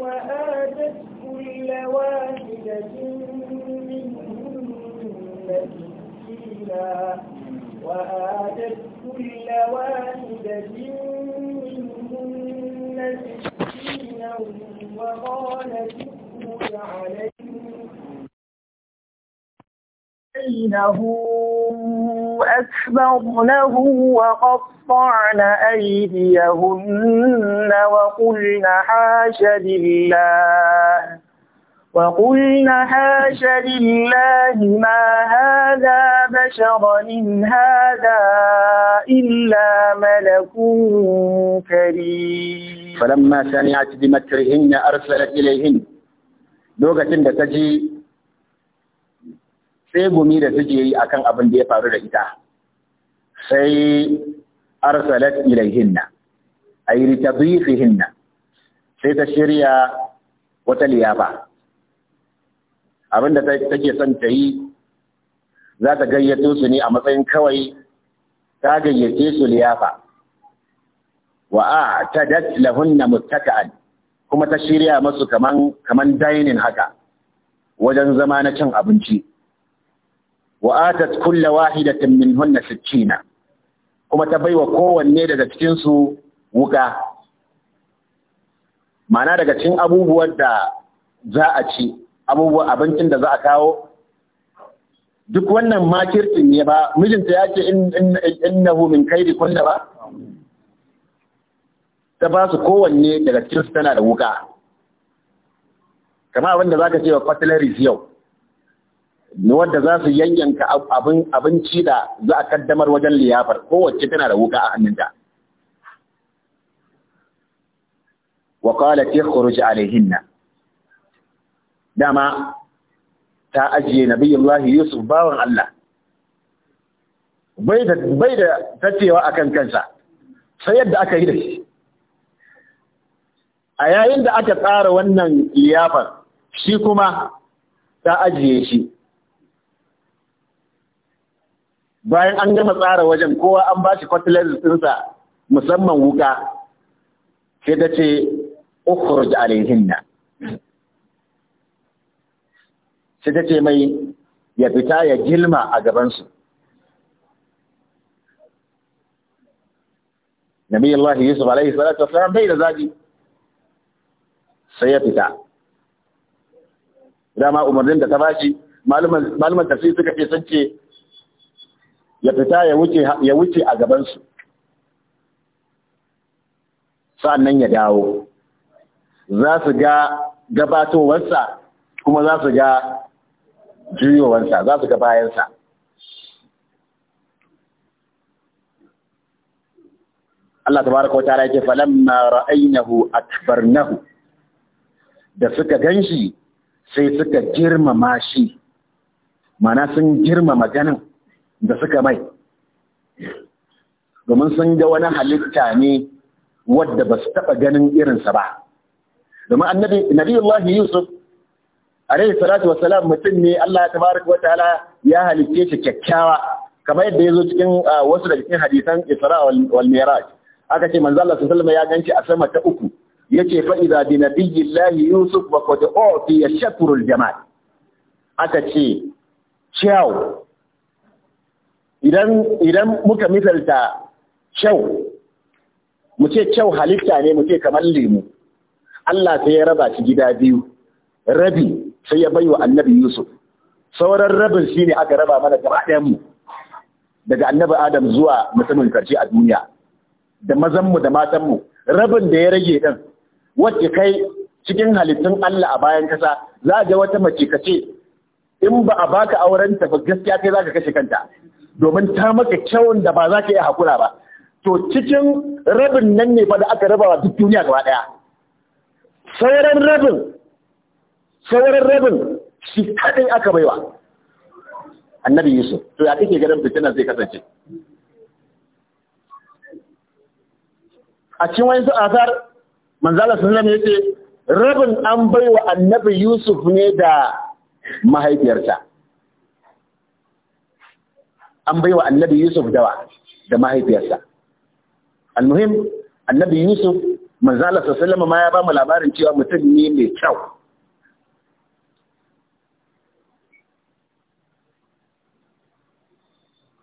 Speaker 2: وآتت كل واحدة منهن سكينا وآتت كل واحدة منهن سكينا وقالت اخرج عليهم بينهم أكبرنه وقطعن أيديهن وقلن حاش لله وقلن حاش لله ما هذا بشرا إن هذا إلا ملك كريم
Speaker 1: فلما سمعت بمكرهن أرسلت إليهن لغة تجي sai gumi da suke yi akan abin da ya faru da ita sai arsalat ilaihinna ay hinna, sai ta shirya wata liyafa abin da take son ta yi za ta gayyato su ne a matsayin kawai ta gayyace su liyafa wa ta lahunna muttaka'an kuma ta shirya masu kaman dainin haka wajen zama na cin abinci wa atat kulla wahidatin minhunna sittina kuma ta baiwa kowanne daga cikin su wuka ma'ana daga cikin abubuwan da za a ci abubuwan abincin da za a kawo duk wannan makirtin ne ba mijinta ya ce innahu min kaidi kunna ba ta ba su kowanne daga cikin su tana da wuka kama abinda za ka ce wa fatilari yau wanda za su yanyanka abinci da za a kaddamar wajen liyafar kowace tana da wuka a hannunta wa shi ikhruj alaihinna dama ta ajiye nabiyullahi yusuf bawan Allah bai da bai da tacewa akan kansa sai yadda aka yi da shi a yayin da aka tsara wannan liyafar shi kuma ta ajiye shi bayan an gama tsara wajen kowa an ba shi kwatilar ɗinsa musamman wuka sai ta ce ukhruj alaihinna sai ta ce mai ya fita ya gilma a gabansu Nabi Allah Yusuf alaihi salatu wasallam bai da zabi sai ya fita dama umarnin da ta bashi malaman tafsir suka ce sun ce ya fita ya wuce a gabansu nan ya dawo za su ga gabatowarsa kuma za su ga juyowarsa za su ga bayansa Allah Ta wata wa ta'ala yake falamma ra'aynahu nahu. da suka ganshi sai suka girmama shi mana sun girmama ganin da suka mai domin sun ga wani halitta ne wadda ba su taɓa ganin irinsa ba domin annabi Allah yusuf alaihi salatu wassalam mutum ne Allah ya tabaraka wataala ya halicce shi kyakkyawa kamar yadda ya zo cikin wasu daga cikin hadisan Isra wal Mi'raj aka ce manzo Allah sallallahu ya ganci a sama ta uku yace fa idza bi nabiyillahi yusuf wa qad u'ti yashkurul jamal aka ce ciao idan muka misalta kyau mu ce kyau halitta ne mu ce kamar lemu Allah sai ya raba shi gida biyu rabi sai ya baiwa annabi Yusuf sauran rabin shi ne aka raba mana gaba mu daga annabi Adam zuwa mutumin karshe a duniya da mazanmu da matanmu. rabin da ya rage din wacce kai cikin halittun Allah a bayan kasa za ga wata mace kace in ba a baka auren ta ba gaskiya kai zaka kashe kanta domin ta maka kyawun da ba za ka iya haƙura ba to cikin rabin nan ne fa da aka raba wa duk duniya gaba ɗaya sauran rabin sauran rabin shi kaɗin aka baiwa annabi yusuf to ya kake ganin fitinan zai kasance a cikin wani su asar manzala sallam ya ce rabin an baiwa annabi yusuf ne da mahaifiyarta an baiwa annabi Yusuf dawa da mahaifiyarsa almuhim annabi Yusuf manzala sassalama ma ya ba mu labarin cewa mutum ne mai kyau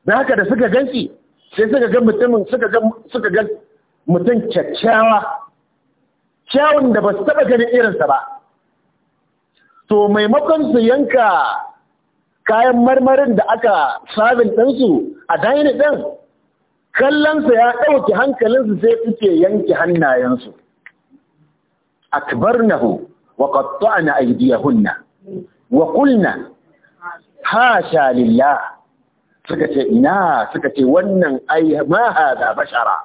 Speaker 1: da haka da suka ganshi sai suka ga mutumin suka gan mutum kyakkyawa kyawun da ba su taɓa ganin irinsa ba to maimakon su yanka kayan marmarin da aka sabin ɗansu a daini ɗin kallonsa ya ɗauki hankalinsu sai suke yanke hannayensu A akbarnahu wa qatta'na aydiyahunna wa ha sha lilla suka ce ina suka ce wannan ai ma da bashara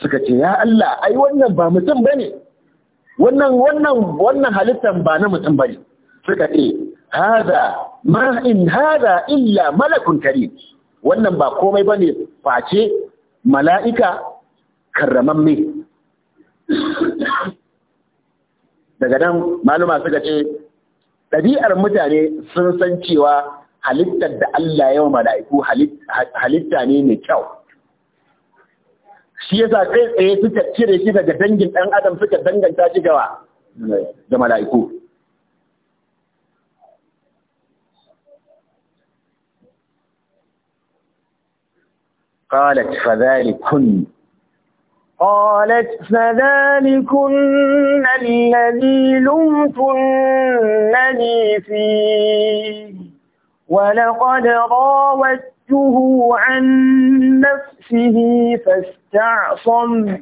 Speaker 1: suka ce ya Allah ai wannan ba mutum bane wannan wannan halittar ba na mutum bane suka ce hada ma in hada illa malakun karim wannan ba komai bane face mala'ika karramamme daga nan maluma suka ce ɗabi'ar mutane sun san cewa halittar da Allah yawa mala'iku halitta ne mai kyau shi yasa kai tsaye suka cire shi daga dangin ɗan adam suka danganta shi gawa da mala'iku قالت فذلكن
Speaker 2: قالت فذلكن الذي لمتنني فيه ولقد راودته عن نفسه فاستعصم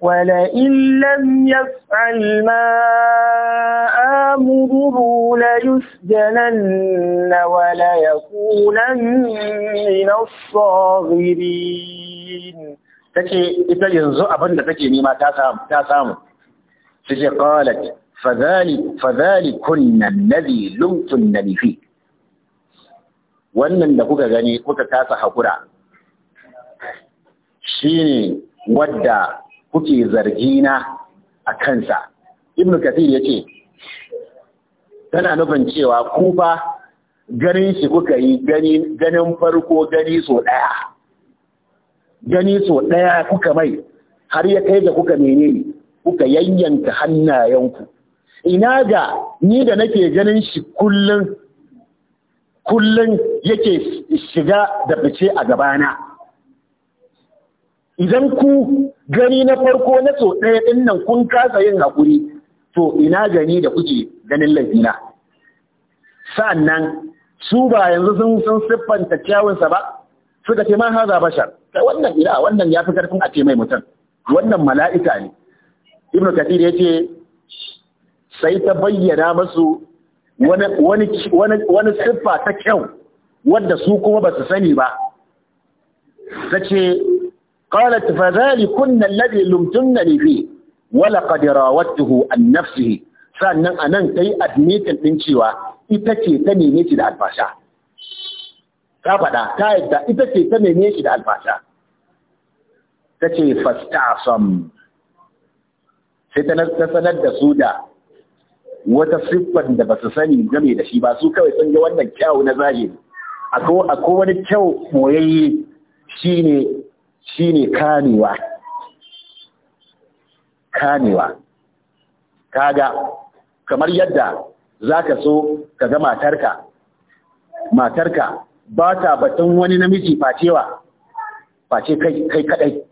Speaker 2: ولئن لم يفعل ما آمره ليسجنن وليكونن من الصاغرين take ita yanzu
Speaker 1: abinda da take nema ta samu ta samu take qalat fadhali fadhali kunna alladhi wannan da kuka gani kuka kasa hakura shine wadda kuke zargina a kansa ibn kathir ce, tana nufin cewa ku fa ganin shi kuka yi ganin farko gani so ɗaya. gani so ɗaya kuka mai har ya kai da kuka menene kuka yanyanka hannayenku ina ga ni da nake ganin shi kullum kullun yake shiga da fice a gabana idan ku gani na farko na so ɗaya ɗin nan kun kasa yin haƙuri to ina gani da kuke ganin laifina nan, su ba yanzu sun sun siffanta kyawunsa ba suka ce man haza bashar kai wannan ina wannan ya fi karfin a ce mai mutum wannan mala'ika ne ibnu ya ce, sai ta bayyana masu wani siffa ta kyau wadda su kuma ba su sani ba ta ce قالت فذلكن الذي لمتنني فيه ولقد راودته عن نفسه sannan a nan ta yi admitin ɗin cewa ita ce ta neme shi da alfasha. Ta faɗa, ta yadda ita ce ta neme shi da alfasha. Ta ce, Fastasam, sai ta sanar da su da wata siffar da ba su sani game da shi ba su kawai sun ga wannan kyau na zahiri. Akwai wani kyau moyayye shi ne Shi ne kanewa kanewa kaga kamar yadda za ka so ka ga matarka matarka ba ta batun wani namiji facewa face kai kadai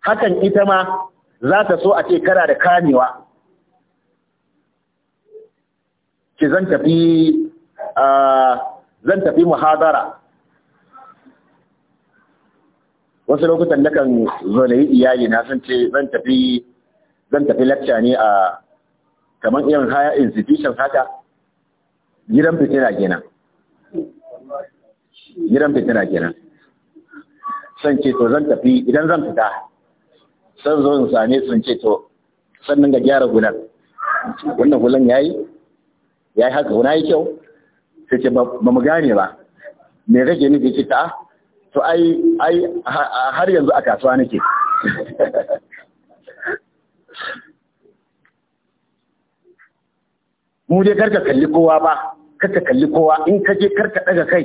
Speaker 1: hakan ita ma za ta so a ce kara da kanewa ki zan tafi ah, zan tafi muhadara wasu lokutan na zolayi iyali na sun ce zan tafi zan tafi lacca ne a kamar irin haya institution haka gidan fitina kenan gidan fitina kenan san ce to zan tafi idan zan fita san zo in same sun ce to sannan ga gyara gudan wannan gudan yayi yayi haka guna yi kyau sai ce ba mu gane ba me rage ni ce ta ah, to ai ai har yanzu a kasuwa nake mu dai karka kalli kowa ba karka kalli kowa in ka je karka daga kai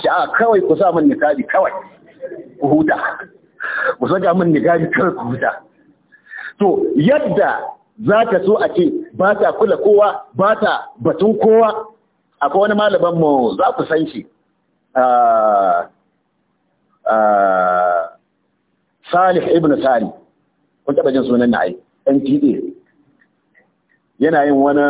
Speaker 1: shi a ah, kawai ku sa min nikabi kawai ku huta ku saka min nikabi kawai ku huta to yadda za ka so a ce ba ta kula kowa ba ta batun kowa akwai wani malaban mu za ku san shi ah, salih ibn sari kun taɓa jin sunan na'ai, nta yana yin wani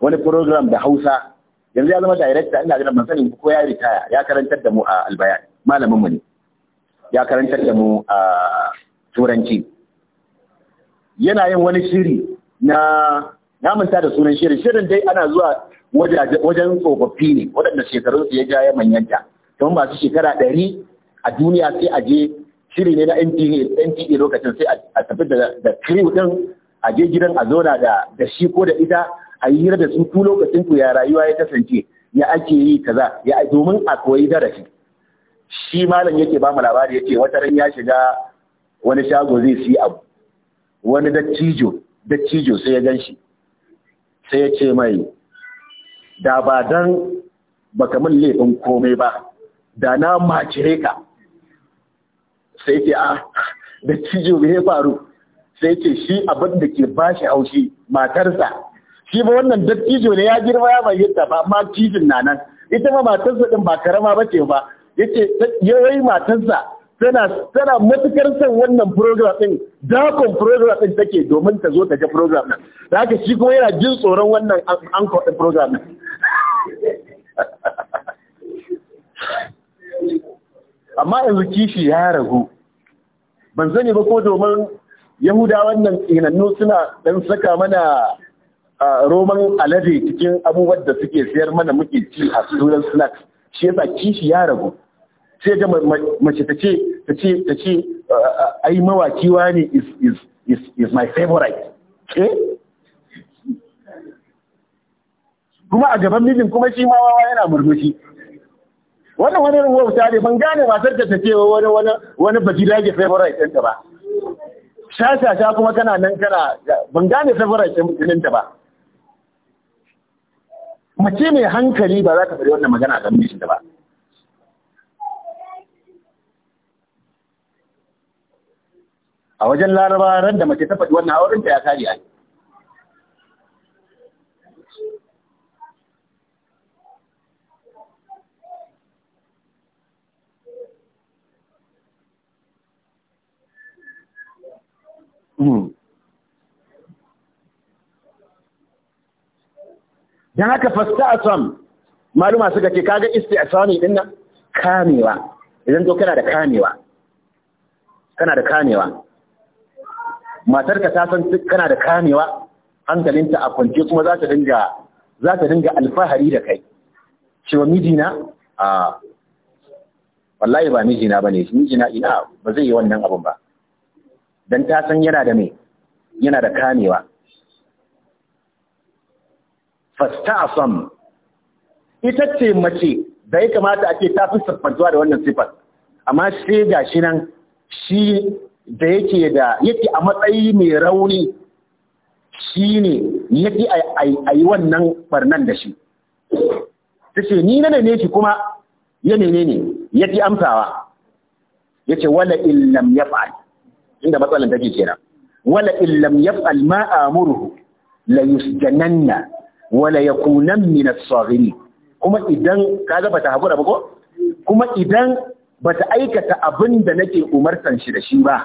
Speaker 1: wani program da hausa yanzu ya zama director ina ganin ban ko ya ritaya ya karantar da mu a albayan malamin mu ne ya karantar da mu a turanci yana yin wani shiri na na manta da sunan shirin shirin dai ana zuwa wajen tsofaffi ne waɗanda shekarunsu su ya ja ya manyanta don masu shekara ɗari a duniya sai a je shiri ne na NTA lokacin sai a tafi da crew din a je gidan a zauna da shi ko da ita a yi hira da su tu lokacin ku ya rayuwa ya kasance ya ake yi kaza ya domin a koyi darasi shi malam yake ba mu labari yake wata ran ya shiga wani shago zai siyi abu wani dattijo dattijo sai ya gan shi sai ya ce mai da ba dan baka min laifin komai ba da na macire ka sai ce a ah, da cijo ya faru sai ce shi abin da ke bashi haushi matarsa shi ba wannan dattijo ne ya girma ya yadda ba amma cijin na nan ita ma matarsa din ba karama ba ce ba yace yawai matarsa tana tana matukar son wannan program din dakon program din take domin ta zo ta ga program din da haka shi kuma yana jin tsoron wannan anko din program din amma yanzu kishi ya ragu ban zane ba ko domin yahuda wannan tsinannu suna dan saka mana roman alade cikin abubuwan da suke siyar mana muke ci a sunan snacks shi yasa kishi ya ragu sai ga mace ta ce ta ce ta ce ai mawaki wani is is is is my favorite eh kuma a gaban mijin kuma shi ma wawa yana murmushi wannan wani ruwa ne ban gane matar ta tace wani wani wani bajilaje favorite ɗinta ba shasha ta kuma kana nan kana ban gane favorite ɗinta ba mace mai hankali ba za ka faɗi wannan magana ga mijinta ba a wajen laraba ran da mace ta faɗi wannan auren ta ya kare ai don haka fasta a sam maluma suka ce kaga isti a sami ɗin nan kamewa idan to kana da kamewa kana da kamewa matarka ta san kana da kamewa hankalinta a kwance kuma za ta dinga za ta dinga alfahari da kai cewa mijina a ah, wallahi ba mijina bane mijina ina ba zai yi wannan abun ba don ta san yana da mai yana da kamewa ita ce mace da ya kamata ake ta fi da wannan sifar, amma sai ga shi nan shi da yake da yake a matsayi mai rauni shi ne yake a yi wannan barnan da shi ta ce ni na ne shi kuma ya ne ne yake amsawa ya ce wala illam ya inda matsalan take kenan wala in lam yaf'al ma amuruhu la yusjananna wala yakuna min as-saghirin kuma idan kaga bata hakura ba ko kuma idan bata aikata abin da nake umartan shi da shi ba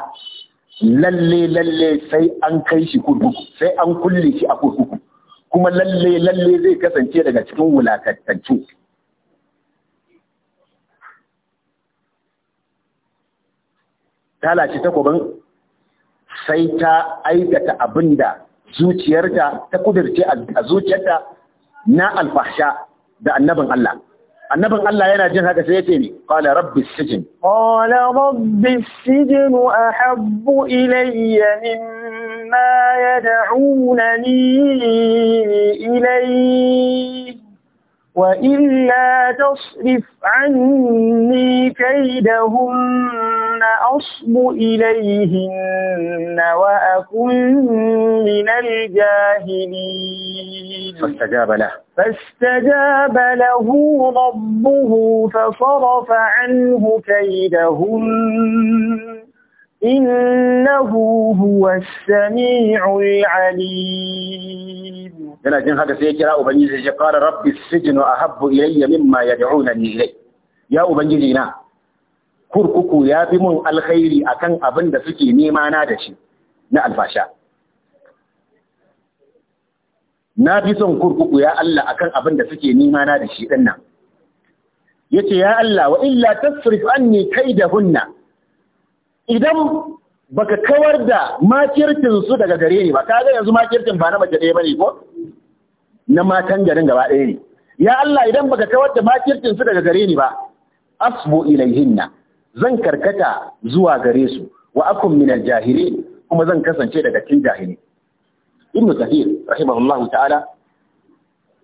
Speaker 1: lalle lalle sai an kai shi kurkuku sai an kulle shi a kurkuku kuma lalle lalle zai kasance daga cikin wulakantattu ta lace sai ta aikata abin da zuciyarta ta kudirce a zuciyarta na alfahsha da annabin Allah annabin Allah yana jin haka sai ya ce ni qala rabbi sijn
Speaker 2: qala rabbi sijn ahabbu ilayya mimma ni ilayhi وإلا تصرف عني كيدهن أصب إليهن وأكن من الجاهلين
Speaker 1: فاستجاب له
Speaker 2: فاستجاب له ربه فصرف عنه كيدهن innahu huwas sami'ul alim
Speaker 1: yana jin haka sai ya kira ubangiji ya fara rabbi sijnu ahabbu ilayya mimma yad'unani ilay ya ubangiji na kurkuku ya fi mun alkhairi akan abin da suke nema na da shi na alfasha na fi son kurkuku ya Allah akan abin da suke nema na da shi dinnan yace ya Allah wa illa tasrif anni kaidahunna idan baka kawar da makirtin su daga gare ni ba kaga yanzu makircin ba na mace ɗaya bane ko na matan garin gaba ɗaya ne ya Allah idan baka kawar da makirtin su daga gare ni ba asbu ilaihinna zan karkata zuwa gare su wa akum min aljahilin kuma zan kasance daga cikin jahili ibnu kathir rahimahullahu ta'ala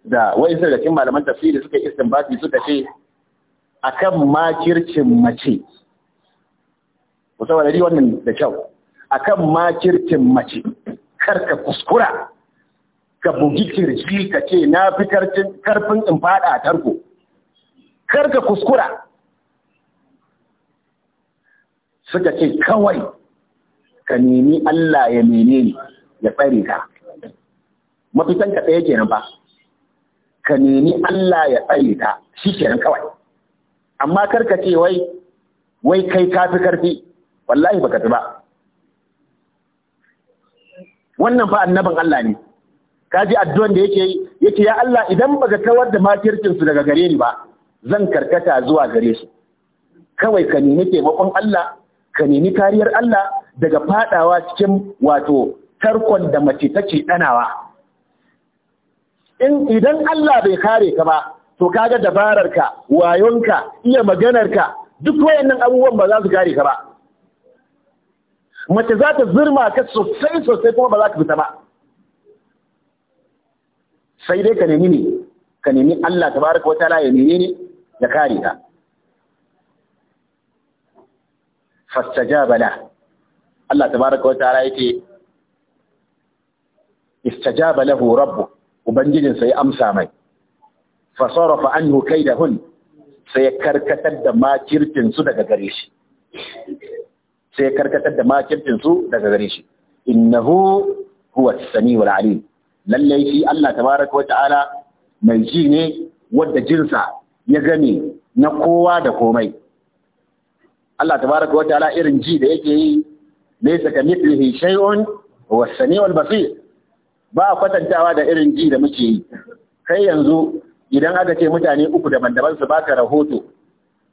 Speaker 1: da wa'insu daga cikin malaman tafsiri suka istinbati suka ce akan makircin mace ku saurari wannan da kyau a kan makircin mace kar ka kuskura ka bugi kirji ka ce na fi karfin in fada a tarko kar ka kuskura suka ce kawai ka nemi Allah ya mene ne ya tsare ka mafitan ka tsaye kenan ba ka nemi Allah ya tsare ka shi kenan kawai amma kar ka ce wai wai kai ka fi karfi wallahi baka ta ba wannan fa annabin Allah ne ka ji addu'an da yake yake ya Allah idan baka kawar da makircin su daga gare ni ba zan karkata zuwa gare su kawai ka nemi taimakon Allah ka nemi kariyar Allah daga fadawa cikin wato tarkon da mace take danawa in idan Allah bai kare ka ba to kaga dabararka wayonka iya maganarka duk wayannan abubuwan ba za su kare ka ba mace za ta zirma ka sosai sosai kuma ba za ka fita ba sai dai ka nemi ne ka nemi Allah ta baraka wata ya ne ne ya kare ka fastajaba la Allah tabaraka wa ta'ala yake istajaba lahu rabbu ubangijin sai amsa mai fasarafa anhu kaidahun sai ya karkatar da makircin su daga gare shi sai karkatar da makircin su daga gare shi innahu huwa as-sami'ul alim lallai shi Allah tabaaraka wa ta'ala mai ji ne wanda jinsa ya gane na kowa da komai Allah tabaaraka wa ta'ala irin ji da yake yi laysa mithlihi shay'un huwa as-sami'ul basir ba kwatantawa da irin ji da muke yi kai yanzu idan aka ce mutane uku daban-daban su baka rahoto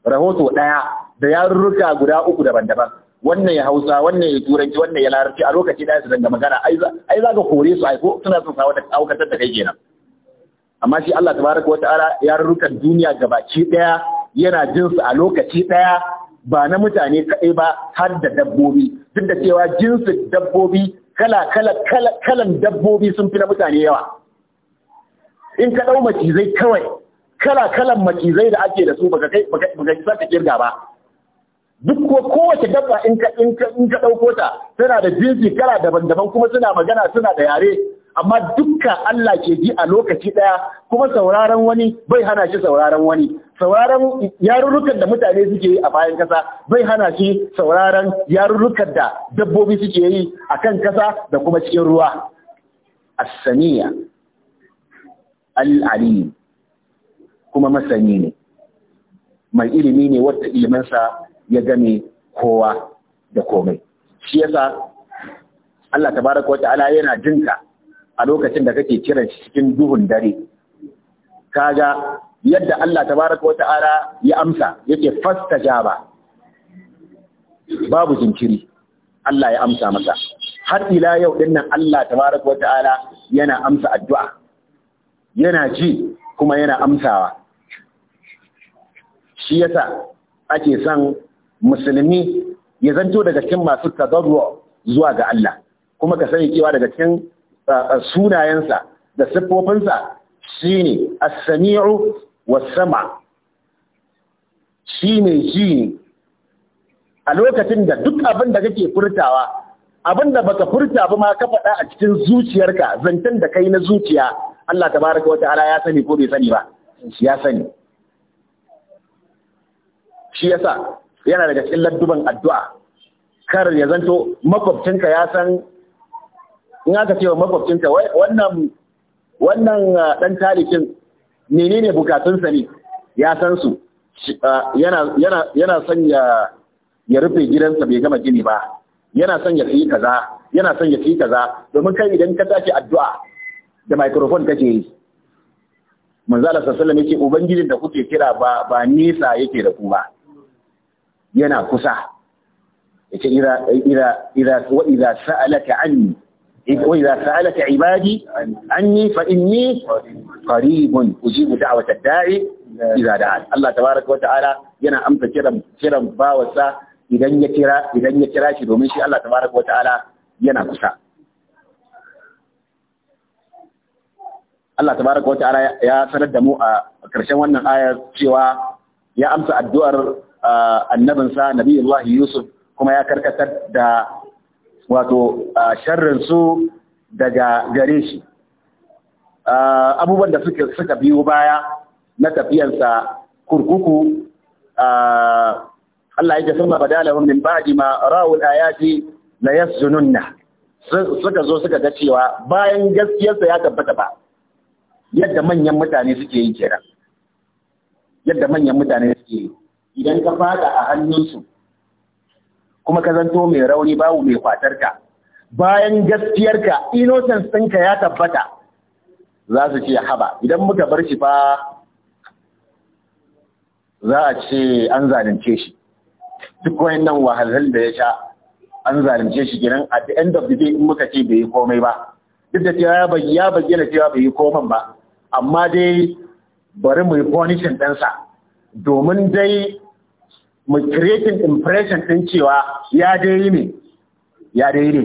Speaker 1: rahoto daya da yarurruka guda uku daban-daban wannan ya hausa wannan ya turanci wannan ya larabci a lokaci da su danga magana ai za ka kore su aiko suna son sa wata aukatar da kai kenan amma shi Allah tabaraka wa ta'ala ya rurrukan duniya gabaki daya yana jin su a lokaci daya ba na mutane kaɗai ba har da dabbobi duk da cewa jinsin dabbobi kala kala kala kalan dabbobi sun fi na mutane yawa in ka dau macizai kawai kala kalan macizai da ake da su baka kai baka baka kirga ba duk ko kowace dabba in ka in ka in ka dauko ta tana da jinsi kala daban-daban kuma suna magana suna da yare amma dukkan Allah ke ji a lokaci daya kuma sauraron wani bai hana shi sauraron wani sauraron yarurrukan da mutane suke yi a bayan kasa bai hana shi sauraron yarurrukan da dabbobi suke yi a kan kasa da kuma cikin ruwa as-samiya al-alim kuma masani ne mai ilimi ne wata ilimansa. ya gani kowa da komai shi yasa Allah tabaraka ta'ala yana jinka a lokacin da kake kiran shi cikin duhun dare kaga yadda Allah tabaraka wa ta'ala ya amsa yake fasta fastajaba babu jinkiri Allah ya amsa masa har ila yau din nan Allah tabaraka ta'ala yana amsa addu'a yana ji kuma yana amsawa shi yasa ake son musulmi ya zanto daga cikin masu tadarru zuwa ga Allah kuma ka sani cewa daga cikin sunayensa da siffofinsa shine as-sami'u was-sama shine ji a lokacin da duk abin da kake furtawa abin da baka furta ba ma ka faɗa a cikin zuciyarka zantan da kai na zuciya Allah baraka wa ala ya sani ko bai sani ba ya sani shi yasa yana daga cikin ladduban addu'a kar ya zanto makwabcinka ya san in aka ce wa makwabcinka wannan wannan dan ah, talikin menene bukatunsa ne ya san su ah, yana yana yana son ya ya rufe gidansa bai gama gini ba yana son ya yi kaza yana son ya yi kaza domin kai idan ka tashi addu'a da microphone kake yi manzo Allah sallallahu alaihi wasallam yake ubangijin da kuke kira ba ba nisa yake da ku ba yana kusa yace ira ira ira wa idza sa'alaka anni wa idza sa'alaka ibadi anni fa inni qaribun ujibu da'wata da'i idza da'a Allah tabaaraka wa ta'ala yana amsa kiran kiran bawarsa idan ya kira idan ya kira shi domin shi Allah tabaaraka wa ta'ala yana kusa Allah wa ta'ala ya sanar da mu a ƙarshen wannan ayar cewa ya amsa addu'ar annabinsa nabiyullahi yusuf kuma ya karkatar da wato sharrin su daga gare shi abubuwan da suka biyo baya na tafiyansa kurkuku Allah ya jasama badalahum min ba'di ma ra'ul ayati la yasjununna suka zo suka ga cewa bayan gaskiyarsa ya tabbata ba yadda manyan mutane suke yi kenan yadda manyan mutane suke yi idan ka fada a hannunsu kuma ka zanto mai rauni babu mai kwatarka bayan gaskiyarka innocence ɗinka ya tabbata za su ce haba idan muka bar shi fa za a ce an zalunce shi duk wayannan wahalhal da ya sha an zalunce shi kenan at the end of the day in muka ce bai yi komai ba duk da cewa ya bayyana cewa bai yi komai ba amma dai bari mu yi punishment ɗansa domin dai mu creating impression din cewa ya dai ne ya dai ne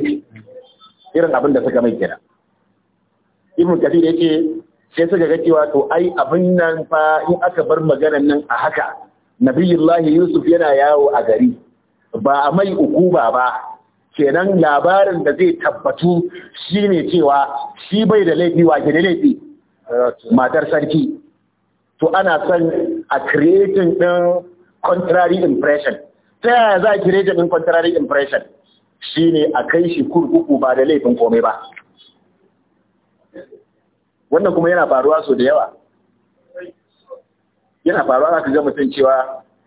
Speaker 1: irin abin da suka mai kira ibn kathir yake sai suka ga cewa to ai abin nan fa in aka bar maganar nan a haka nabiyullahi yusuf yana yawo a gari ba a mai ukuba ba kenan labarin da zai tabbatu shine cewa shi bai da laifi wa ke da laifi matar sarki to ana son a creating din contrary impression ta yaya za ki rage din contrary impression shine a kai shi kurkuku ba da laifin komai ba wannan kuma yana faruwa so da yawa yana faruwa za ka ga mutum cewa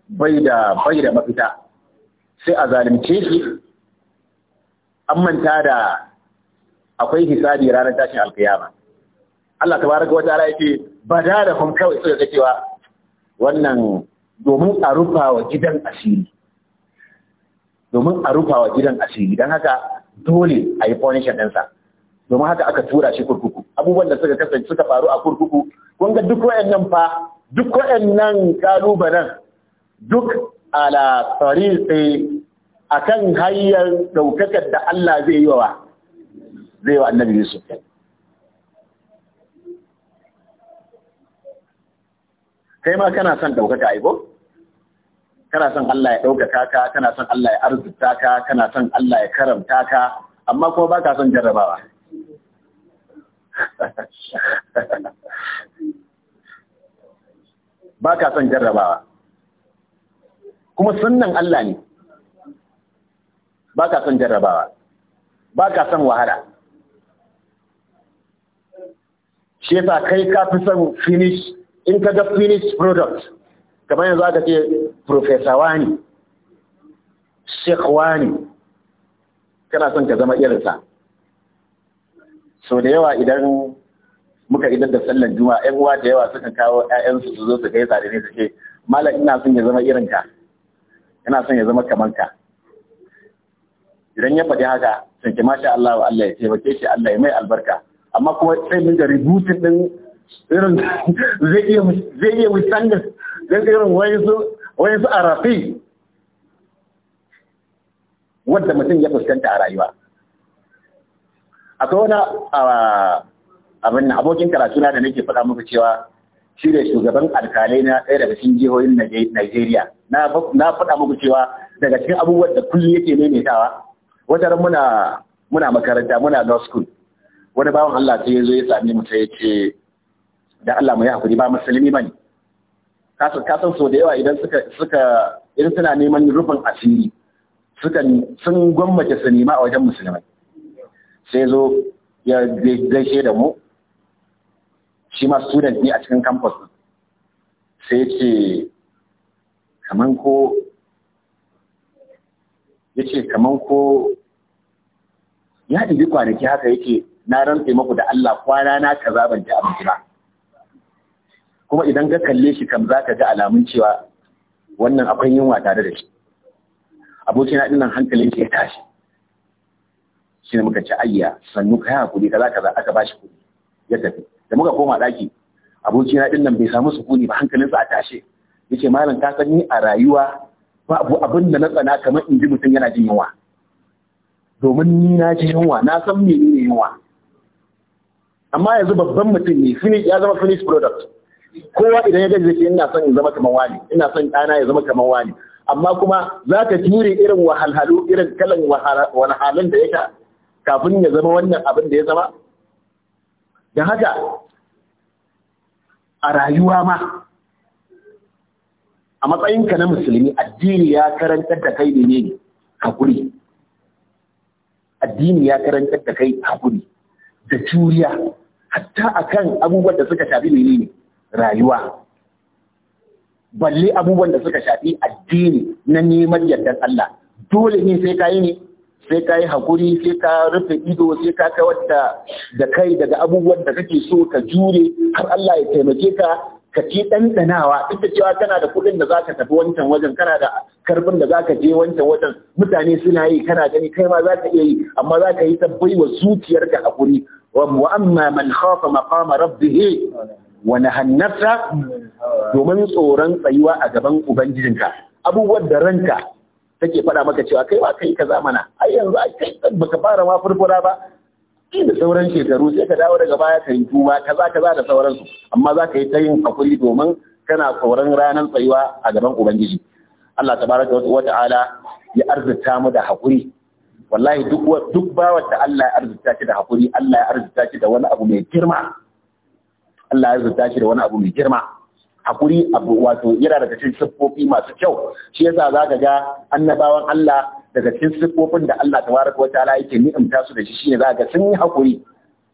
Speaker 1: bai da bai da mafita sai a zalunce shi an manta da akwai hisabi ranar tashin alkiyama Allah tabaraka wa wata yake bada da kun kawai sai da cewa wannan domin a rufa wa gidan asiri domin a rufa wa gidan asiri don haka dole a yi punisher ɗansa domin haka aka tura shi kurkuku abubuwan da suka kasance suka faru a kurkuku kun ga duk nan fa duk nan kalubalen duk ala a kan hanyar daukakar da Allah zai yi wa zai wa annabi Yusuf kai ma kana son ɗaukaka, aibo kana son Allah ya ɗaukaka ka kana son Allah ya arzuta ka kana son Allah ya karamta ka amma kuma ba ka son jarrabawa ba ka son jarrabawa kuma sunnan Allah ne ba ka son jarrabawa ba ka son wahala shi yasa kai ka fi son finish in ka ga finish product kamar yanzu aka ce professor wani sheikh wani kana son ka zama irinsa so da yawa idan muka idan da sallan juma'a yan uwa da yawa suka kawo ƴaƴansu su zo su kai da ni su ce malam ina son ya zama irinka ina son ya zama kamar ka idan ya faɗi haka sun ki masha Allah wa Allah ya taimake shi Allah ya mai albarka amma kuma sai mun ga rubutun din irin zai iya zai iya sai irin wayansu a rafi wanda mutum ya fuskanta a rayuwa akwai wani abin abokin karatuna da nake faɗa muku cewa shi da shugaban alkalai na ɗaya daga cikin jihohin Najeriya na faɗa muku cewa daga cikin abubuwan da kullum yake maimaitawa wata ran muna muna makaranta muna law school wani bawan Allah sai ya zo ya sami mu sai ya ce da Allah mu ya hakuri ba musulmi bane kasan kasan sau da yawa idan suka suka suna neman rufin asiri suka sun gwammace su nema a wajen musulmai sai zo ya gaishe da mu shi ma student ne a cikin campus sai ce kaman ko ya ce kaman ko ya ɗibi kwanaki haka yake na rantse maku da Allah kwana na kaza ban ji abinci kuma idan ka kalle shi kam za ka ga alamun cewa wannan akwai yunwa tare da shi abokina dinnan hankalin ke ya tashi shi ne muka ci ayya sannu ka za kuɗi kaza kaza aka bashi kuɗi ya tafi da muka koma ɗaki abokina din nan bai samu sukuni ba hankalinsa a tashe yace malam ka san ni a rayuwa babu abin da na tsana kamar in ji mutum yana jin yunwa domin ni na ji yunwa na san menene yunwa amma yanzu babban mutum ne ya zama finish product kowa idan ya gaji zai ina son in zama kamar wani ina son ɗana ya zama kamar wani amma kuma za ka jure irin wahalhalu irin kalan wahalhalun da ya yaka kafin ya zama wannan abin da ya zama Da haka a rayuwa ma a matsayinka na musulmi addini ya karantar da kai ne ne hakuri addini ya karantar da kai hakuri da juriya hatta akan abubuwan da suka shafi menene rayuwa balle abubuwan da suka shafi addini na neman yardar Allah dole ne sai ka yi ne sai ka yi hakuri sai ka rufe ido sai ka kawar da kai daga abubuwan da kake so ka jure har Allah ya taimake ka ka ce ɗanɗanawa duk da cewa kana da kuɗin da zaka tafi wancan wajen kana da karfin da zaka je wancan wajen mutane suna yi kana gani kai ma zaka iya yi amma zaka yi ta baiwa zuciyarka hakuri wa amma man khafa maqama rabbihi wani hannarta domin tsoron tsayuwa a gaban ubangijinka abubuwan da ranka take faɗa maka cewa kai ba kai ka zamana ai yanzu ai kai baka fara ma furfura ba da sauran shekaru sai ka dawo daga baya ka yi tuba kaza kaza da sauransu amma za ka yi ta yin hakuri domin kana tsoron ranar tsayuwa a gaban ubangiji Allah tabaraka wa ta'ala ya arzuta mu da hakuri wallahi duk duk bawar da Allah ya arzuta ki da hakuri Allah ya arzuta ki da wani abu mai girma Allah ya zuta shi da wani abu mai girma hakuri abu wato yana daga cikin siffofi masu kyau shi yasa zaka ga annabawan Allah daga cikin siffofin da Allah tabaraka wataala yake ni'imta su da shi shine zaka ga sun yi hakuri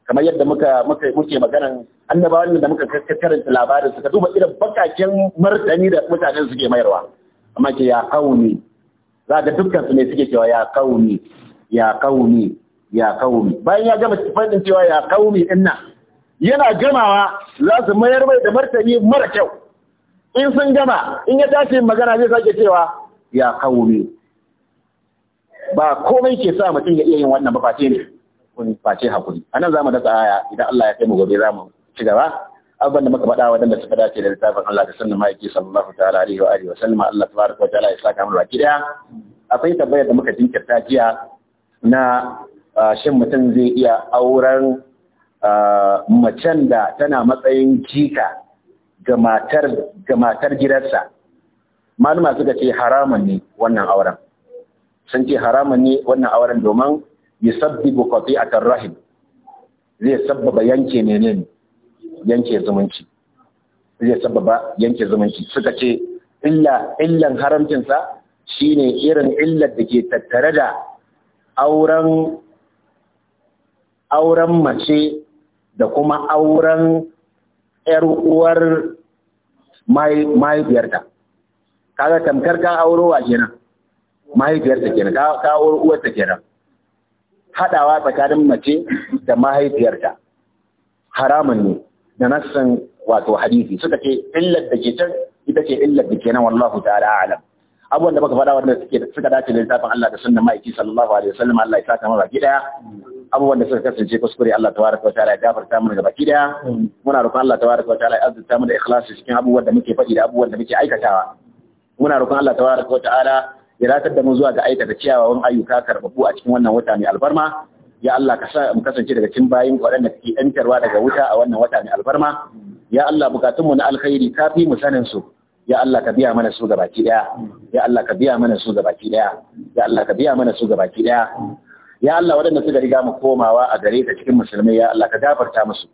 Speaker 1: kamar yadda muka muka muke magana annabawan da muka karanta labarin su ka duba irin bakakin martani da mutanen suke mayarwa amma ke ya kauni za ga dukkan su ne suke cewa ya kauni ya kauni ya kauni bayan ya gama faɗin cewa ya kauni din nan yana gamawa za su mayar mai da martani mara kyau in sun gama in ya tashi magana zai sake cewa ya kawumi ba komai ke sa mutum ya iya yin wannan ba face ne kun face hakuri anan zamu dasa aya idan Allah ya kai mu gobe zamu ci gaba abin da muka faɗa wadanda suka dace da littafin Allah da sunnar ma'aiki sallallahu ta'ala alaihi wa alihi wa sallama Allah tabaraka wa ta'ala ya saka mu baki daya akwai tabbayar da muka jinkirta jiya na ah, shin mutum zai iya auren macen da tana matsayin jika ga matar gidansa malama suka ce haramun ne wannan auren sun ce haramun ne wannan auren domin bukwafi a rahim zai sabbaba yanke ne yanke zumunci zai sababa yanke zumunci suka ce illa illan haramcinsa shine irin illar da ke tattare da auren mace da kuma auren ‘yar uwar mahaifiyarta. Kaga tamkar ka auro wa kenan, mahaifiyarta kenan, ka auro uwarta kenan. Haɗawa tsakanin mace da mahaifiyarta, haramun ne da nassan wato hadisi suka ce illar da ke can ita ce illar da kenan wallahu ta'ala alam. Abubuwan da baka faɗa wanda suka dace da littafin Allah da sunna ma'aiki sallallahu alaihi wasallam Allah ya saka baki ɗaya. abubuwan da suka kasance kuskure Allah tabaraka wa ta'ala ya gafarta mana gaba daya muna roƙon Allah tabaraka wa ta'ala ya azurta mu da ikhlasi cikin abubuwan da muke faɗi da abubuwan da muke aikatawa muna roƙon Allah tabaraka wa ta'ala ya ratar da mu zuwa ga aikata ciyawawan ayyuka karbabu a cikin wannan wata mai albarma ya Allah ka sa mu kasance daga cikin bayin waɗanda suke ɗantarwa daga wuta a wannan wata mai albarma ya Allah bukatunmu na alkhairi ka fi mu sanin su ya Allah ka biya mana su gabaki daya ya Allah ka biya mana su gabaki daya ya Allah ka biya mana su gabaki daya ya Allah waɗanda suka riga mu komawa a gare ka cikin musulmai ya Allah ka gafarta musu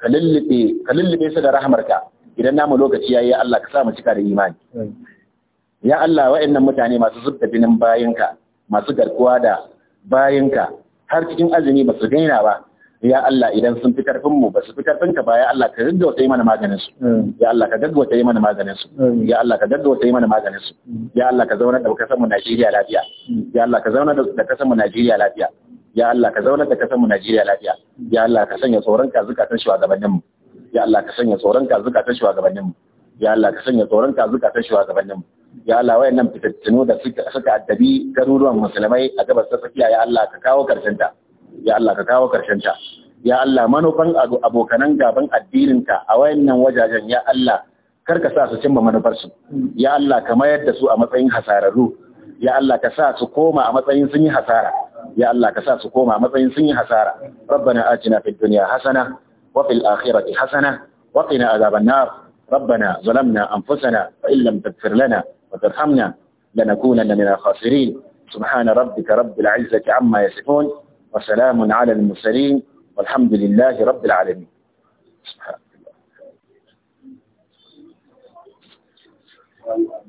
Speaker 1: ka lullube su da rahmarka idan namu lokaci yayi ya Allah ka sa mu cika da imani ya Allah waɗannan mutane masu zubta binin bayinka masu garkuwa da bayinka har cikin azumi ba su daina ba ya Allah idan sun fi karfin mu ba su fi karfin ka ba ya Allah ka gaggauta yi mana maganin su ya Allah ka gaggauta yi mana maganin su ya Allah ka gaggauta yi mana maganin su ya Allah ka zauna da kasar mu Najeriya lafiya ya Allah ka zauna da kasar mu Najeriya lafiya ya Allah ka zauna da kasar mu Najeriya lafiya ya Allah ka sanya tsoron ka zukatan shugabannin mu ya Allah ka sanya tsoron ka zukatan shugabannin mu ya Allah ka sanya tsoron ka zukatan shugabannin mu ya Allah nan fitattunu da suka addabi garuruwan musulmai a gabas ta tsakiya ya Allah ka kawo karshen ta ya Allah ka kawo karshen ta ya Allah manufan abokanan gaban addininka a wayannan wajajen ya Allah kar ka sa su cimma manufar su ya Allah ka mayar da su a matsayin hasararru ya Allah ka sa su koma a matsayin sun yi hasara ya Allah ka sa su koma a matsayin sun yi hasara rabbana atina fid dunya hasana wa fil akhirati hasana wa qina azaban nar ربنا ظلمنا أنفسنا وإن لم تغفر لنا وترحمنا لنكونن من الخاسرين سبحان ربك رب العزة عما يصفون وسلام على المرسلين والحمد لله رب العالمين سبحان الله